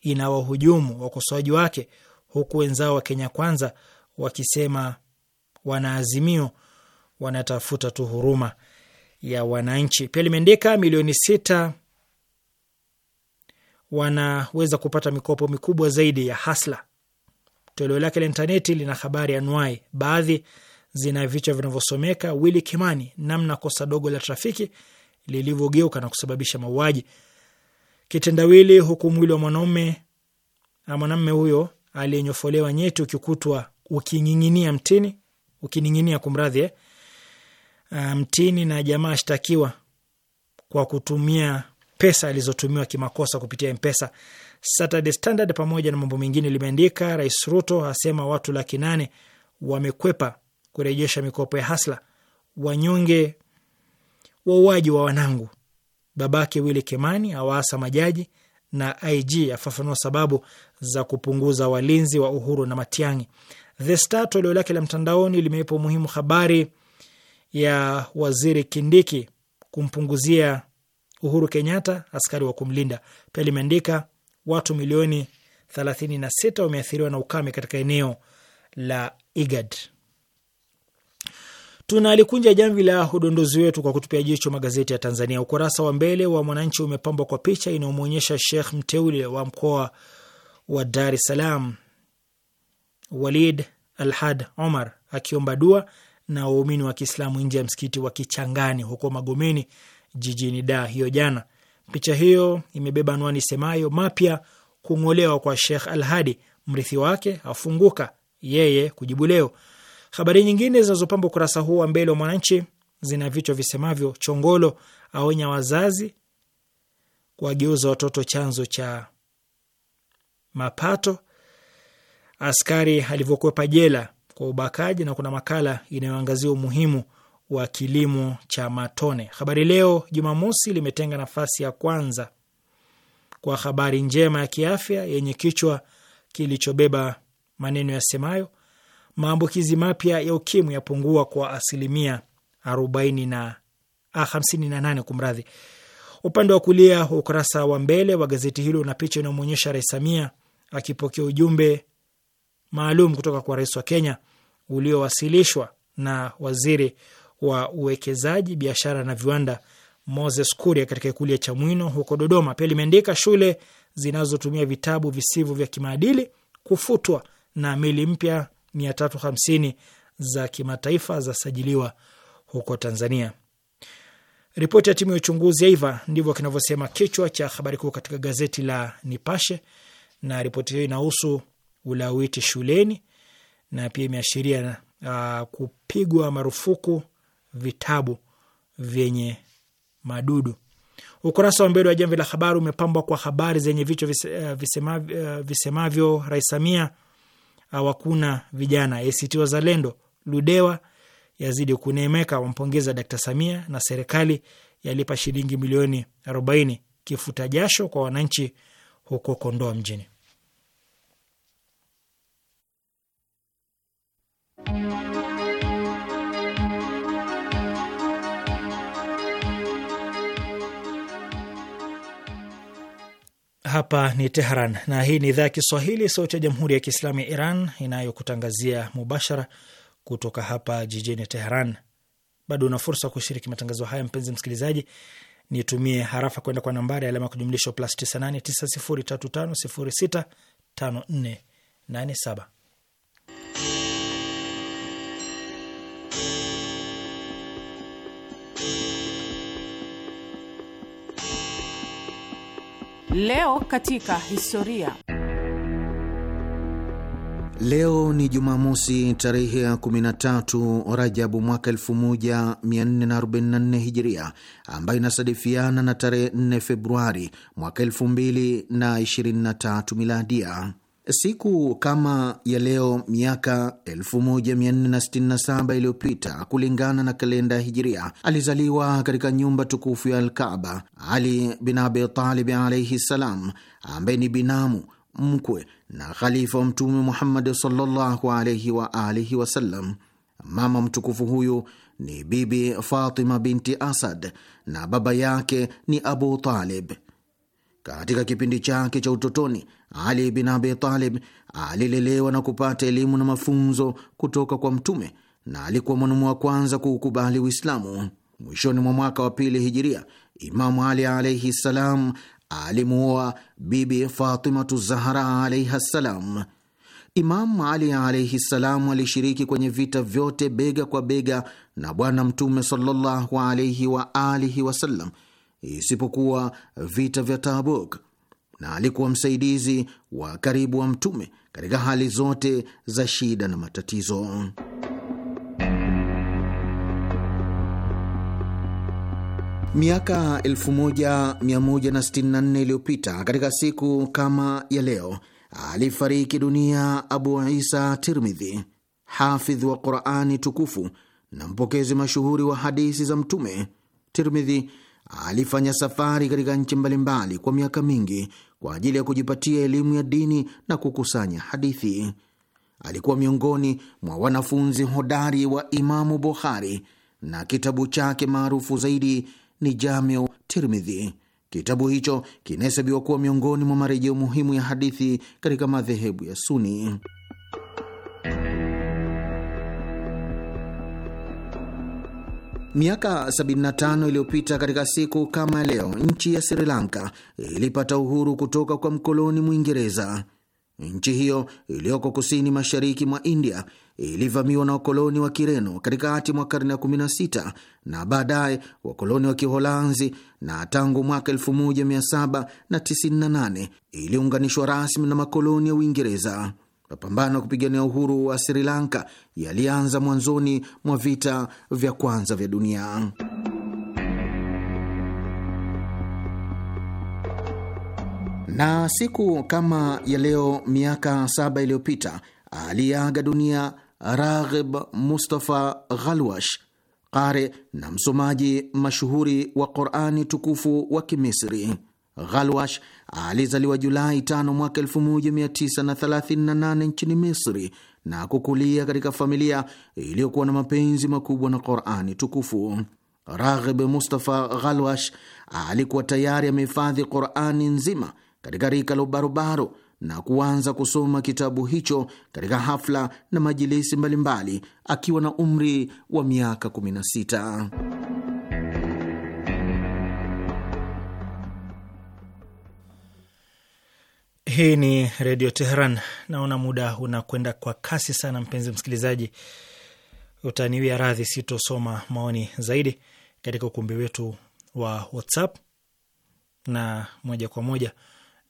B: inawahujumu wakosoaji wake, huku wenzao wa Kenya Kwanza wakisema wanaazimio wanatafuta tu huruma ya wananchi. Pia limeandika milioni sita wanaweza kupata mikopo mikubwa zaidi ya Hasla. Toleo lake la intaneti lina habari anuai, baadhi zina vichwa vinavyosomeka Willy Kimani, namna kosa dogo la trafiki lilivyogeuka na kusababisha mauaji kitendawili, huku mwili wa mwanaume mwanamme huyo aliyenyofolewa nyeti ukikutwa uking'ing'inia mtini ukining'inia, kumradhi eh, ah, mtini na jamaa ashtakiwa kwa kutumia pesa alizotumiwa kimakosa kupitia Mpesa. Saturday Standard pamoja na mambo mengine limeandika Rais Ruto asema watu laki nane wamekwepa kurejesha mikopo ya Hasla. Wanyonge wauaji wa wanangu, babake Willy Kimani awaasa majaji, na IG afafanua sababu za kupunguza walinzi wa Uhuru na Matiang'i. The Star toleo lake la mtandaoni limeipa umuhimu habari ya waziri Kindiki kumpunguzia Uhuru Kenyatta askari wa kumlinda. Pia limeandika watu milioni 36 wameathiriwa na ukame katika eneo la IGAD. Tunalikunja jamvi la udondozi wetu kwa kutupia jicho magazeti ya Tanzania. Ukurasa wa mbele wa Mwananchi umepambwa kwa picha inayomwonyesha Sheikh mteule wa mkoa wa Dar es Salaam Walid Alhad Omar akiomba dua na waumini wa Kiislamu nje ya msikiti wa Kichangani huko Magomeni jijini da hiyo jana. Picha hiyo imebeba anwani semayo mapya kung'olewa kwa Sheikh Alhadi, mrithi wake afunguka, yeye kujibu leo. Habari nyingine zinazopamba ukurasa huu wa mbele wa Mwananchi zina vichwa visemavyo: Chongolo aonya wazazi kuwageuza watoto chanzo cha mapato, askari alivyokwepa jela kwa ubakaji, na kuna makala inayoangazia umuhimu wa kilimo cha matone. Habari Leo Jumamosi limetenga nafasi ya kwanza kwa habari njema ya kiafya yenye kichwa kilichobeba maneno yasemayo maambukizi mapya ya ukimwi yapungua kwa asilimia arobaini na ah, hamsini na nane kumradhi. Upande wa kulia ukurasa wa mbele wa gazeti hilo una picha inayomwonyesha Rais Samia akipokea ujumbe maalum kutoka kwa rais wa Kenya uliowasilishwa na waziri wa uwekezaji, biashara na viwanda Moses Kuria katika ikulu ya Chamwino huko Dodoma. Pia limeandika shule zinazotumia vitabu visivyo vya kimaadili kufutwa na meli mpya 350 za kimataifa zasajiliwa huko Tanzania. Ripoti ya timu ya uchunguzi yaiva, ndivyo kinavyosema kichwa cha habari kuu katika gazeti la Nipashe, na ripoti hiyo inahusu ulawiti shuleni na pia imeashiria uh, kupigwa marufuku vitabu vyenye madudu. Ukurasa wa mbele wa Jamvi la Habari umepambwa kwa habari zenye vichwa uh, visemavyo, uh, visemavyo Rais Samia awakuna vijana, ACT Wazalendo, Ludewa yazidi kuneemeka, wampongeza Dkt Samia na serikali yalipa shilingi milioni arobaini kifuta jasho kwa wananchi huko Kondoa mjini. Hapa ni teheran na hii ni idhaa ya Kiswahili, sauti ya jamhuri ya kiislamu ya Iran inayokutangazia mubashara kutoka hapa jijini teheran Bado una fursa kushiriki matangazo haya, mpenzi msikilizaji, nitumie harafa kwenda kwa nambari alama ya kujumlisha plus 98 9035065487.
C: Leo katika historia.
F: Leo ni Jumamosi tarehe ya 13 Rajabu mwaka 1444 Hijiria, ambayo inasadifiana na tarehe 4 Februari mwaka 2023 Miladia. Siku kama ya leo miaka 1467 iliyopita kulingana na kalenda ya Hijiria, alizaliwa katika nyumba tukufu ya Alkaba Ali bin Abi Talib alaihi ssalam, ambaye ni binamu, mkwe na khalifa wa Mtume Muhammad sallallahu alaihi wa alihi wasallam. Mama mtukufu huyu ni Bibi Fatima binti Asad na baba yake ni Abu Talib. Katika kipindi chake cha utotoni, Ali bin Abi Talib alilelewa na kupata elimu na mafunzo kutoka kwa Mtume na alikuwa mwanamume wa kwanza kuukubali Uislamu. Mwishoni mwa mwaka wa pili hijiria, Imamu Ali alaihi ssalam alimuoa Bibi Fatimatu Zahra alaihi ssalam. Imamu Ali alaihi ssalam alishiriki kwenye vita vyote bega kwa bega na Bwana Mtume sallallahu alaihi waalihi wasallam isipokuwa vita vya Tabuk, na alikuwa msaidizi wa karibu wa Mtume katika hali zote za shida na matatizo. Miaka 1164 iliyopita katika siku kama ya leo alifariki dunia Abu Isa Tirmidhi, hafidh wa Qurani tukufu na mpokezi mashuhuri wa hadithi za Mtume. Tirmidhi alifanya safari katika nchi mbalimbali kwa miaka mingi kwa ajili ya kujipatia elimu ya dini na kukusanya hadithi. Alikuwa miongoni mwa wanafunzi hodari wa Imamu Bukhari na kitabu chake maarufu zaidi ni Jamiu Tirmidhi. Kitabu hicho kinahesabiwa kuwa miongoni mwa marejeo muhimu ya hadithi katika madhehebu ya Suni. Miaka 75 iliyopita katika siku kama leo, nchi ya Sri Lanka ilipata uhuru kutoka kwa mkoloni Mwingereza. Nchi hiyo iliyoko kusini mashariki mwa India ilivamiwa na wakoloni wa Kireno katikati mwa karne ya 16 na baadaye wakoloni wa Kiholanzi, na tangu mwaka 1798 iliunganishwa rasmi na makoloni ya Uingereza. Mapambano kupigania uhuru wa Sri Lanka yalianza mwanzoni mwa vita vya kwanza vya dunia. Na siku kama ya leo miaka saba iliyopita aliyeaga dunia Raghib Mustafa Ghalwash, qari na msomaji mashuhuri wa Qurani tukufu wa Kimisri. Ghalwash alizaliwa Julai 5 mwaka 1938 nchini Misri na kukulia katika familia iliyokuwa na mapenzi makubwa na Qurani tukufu. Raghib Mustafa Ghalwash alikuwa tayari amehifadhi Qurani nzima katika rika la ubarobaro na kuanza kusoma kitabu hicho katika hafla na majilisi mbalimbali akiwa na umri wa miaka 16.
B: Hii ni Redio Teheran. Naona muda unakwenda kwa kasi sana, mpenzi msikilizaji, utaniwia radhi, sitosoma maoni zaidi katika ukumbi wetu wa WhatsApp na moja kwa moja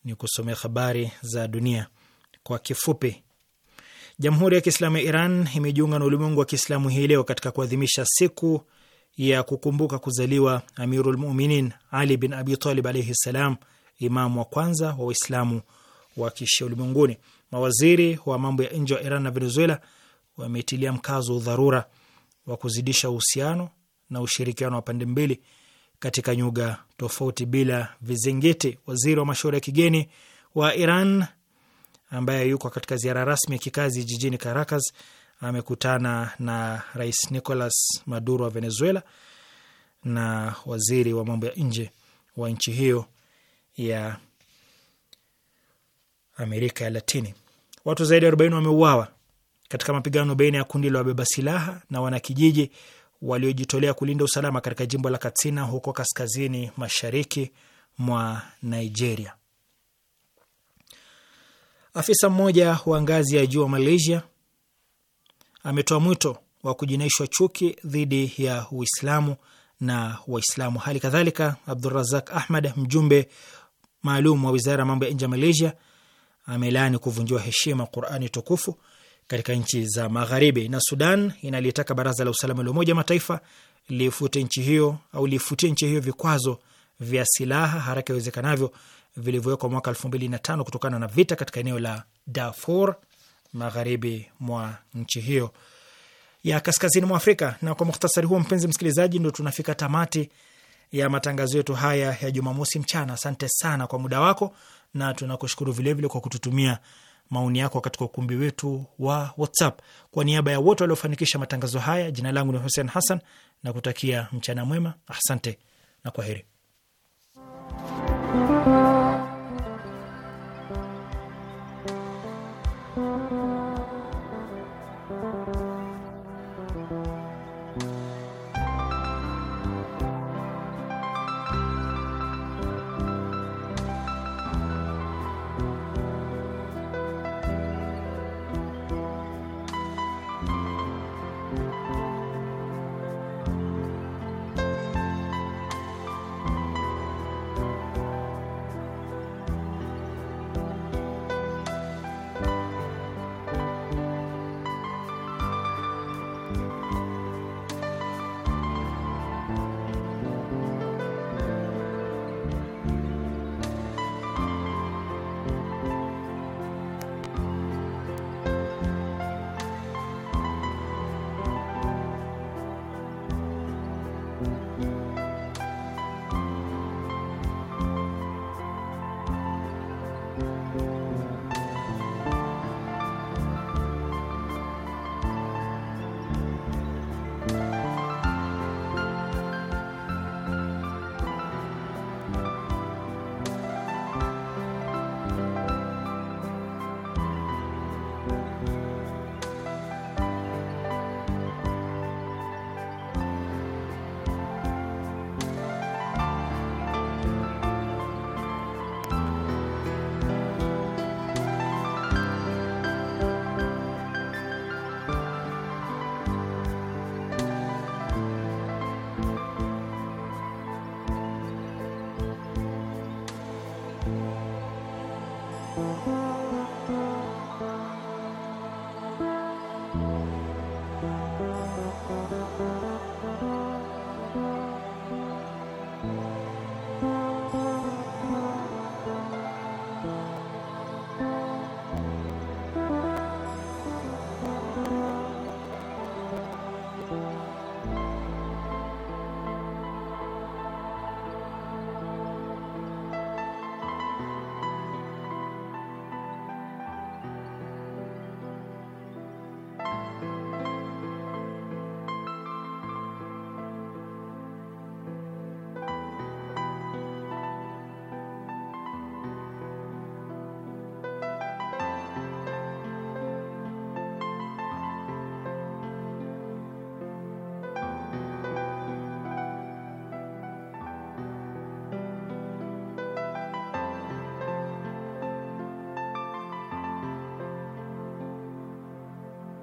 B: ni kusomea habari za dunia kwa kifupi. Jamhuri ya Kiislamu ya Iran imejiunga na ulimwengu wa Kiislamu hii leo katika kuadhimisha siku ya kukumbuka kuzaliwa Amirul Muminin Ali bin Abi Talib alaihi ssalam, imamu wa kwanza wa Waislamu wa kishia ulimwenguni. Mawaziri wa mambo ya nje wa Iran na Venezuela wametilia mkazo udharura wa kuzidisha uhusiano na ushirikiano wa pande mbili katika nyuga tofauti bila vizingiti. Waziri wa mashauri ya kigeni wa Iran ambaye yuko katika ziara rasmi ya kikazi jijini Caracas amekutana na Rais Nicolas Maduro wa Venezuela na waziri wa mambo ya nje wa nchi hiyo ya Amerika ya Latini. Watu zaidi ya 40 wameuawa katika mapigano baina ya kundi la wabeba silaha na wanakijiji waliojitolea kulinda usalama katika jimbo la Katsina huko kaskazini mashariki mwa Nigeria. Afisa mmoja wa ngazi ya juu wa Malaysia ametoa mwito wa kujinaishwa chuki dhidi ya Uislamu na Waislamu. Hali kadhalika, Abdurazak Ahmad, mjumbe maalum wa wizara ya mambo ya nje ya Malaysia, amelaani kuvunjiwa heshima Qurani tukufu katika nchi za Magharibi. Na Sudan inalitaka baraza la usalama la Umoja Mataifa lifute nchi hiyo au lifutie nchi hiyo vikwazo vya silaha haraka iwezekanavyo vilivyowekwa mwaka elfu mbili na tano kutokana na vita katika eneo la Darfur magharibi mwa nchi hiyo ya kaskazini mwa Afrika. Na kwa muhtasari huo, mpenzi msikilizaji, ndo tunafika tamati ya matangazo yetu haya ya Jumamosi mchana. Asante sana kwa muda wako na tunakushukuru vilevile kwa kututumia maoni yako katika ukumbi wetu wa WhatsApp. Kwa niaba ya wote waliofanikisha matangazo haya, jina langu ni Hussein Hassan na kutakia mchana mwema. Asante na kwa heri.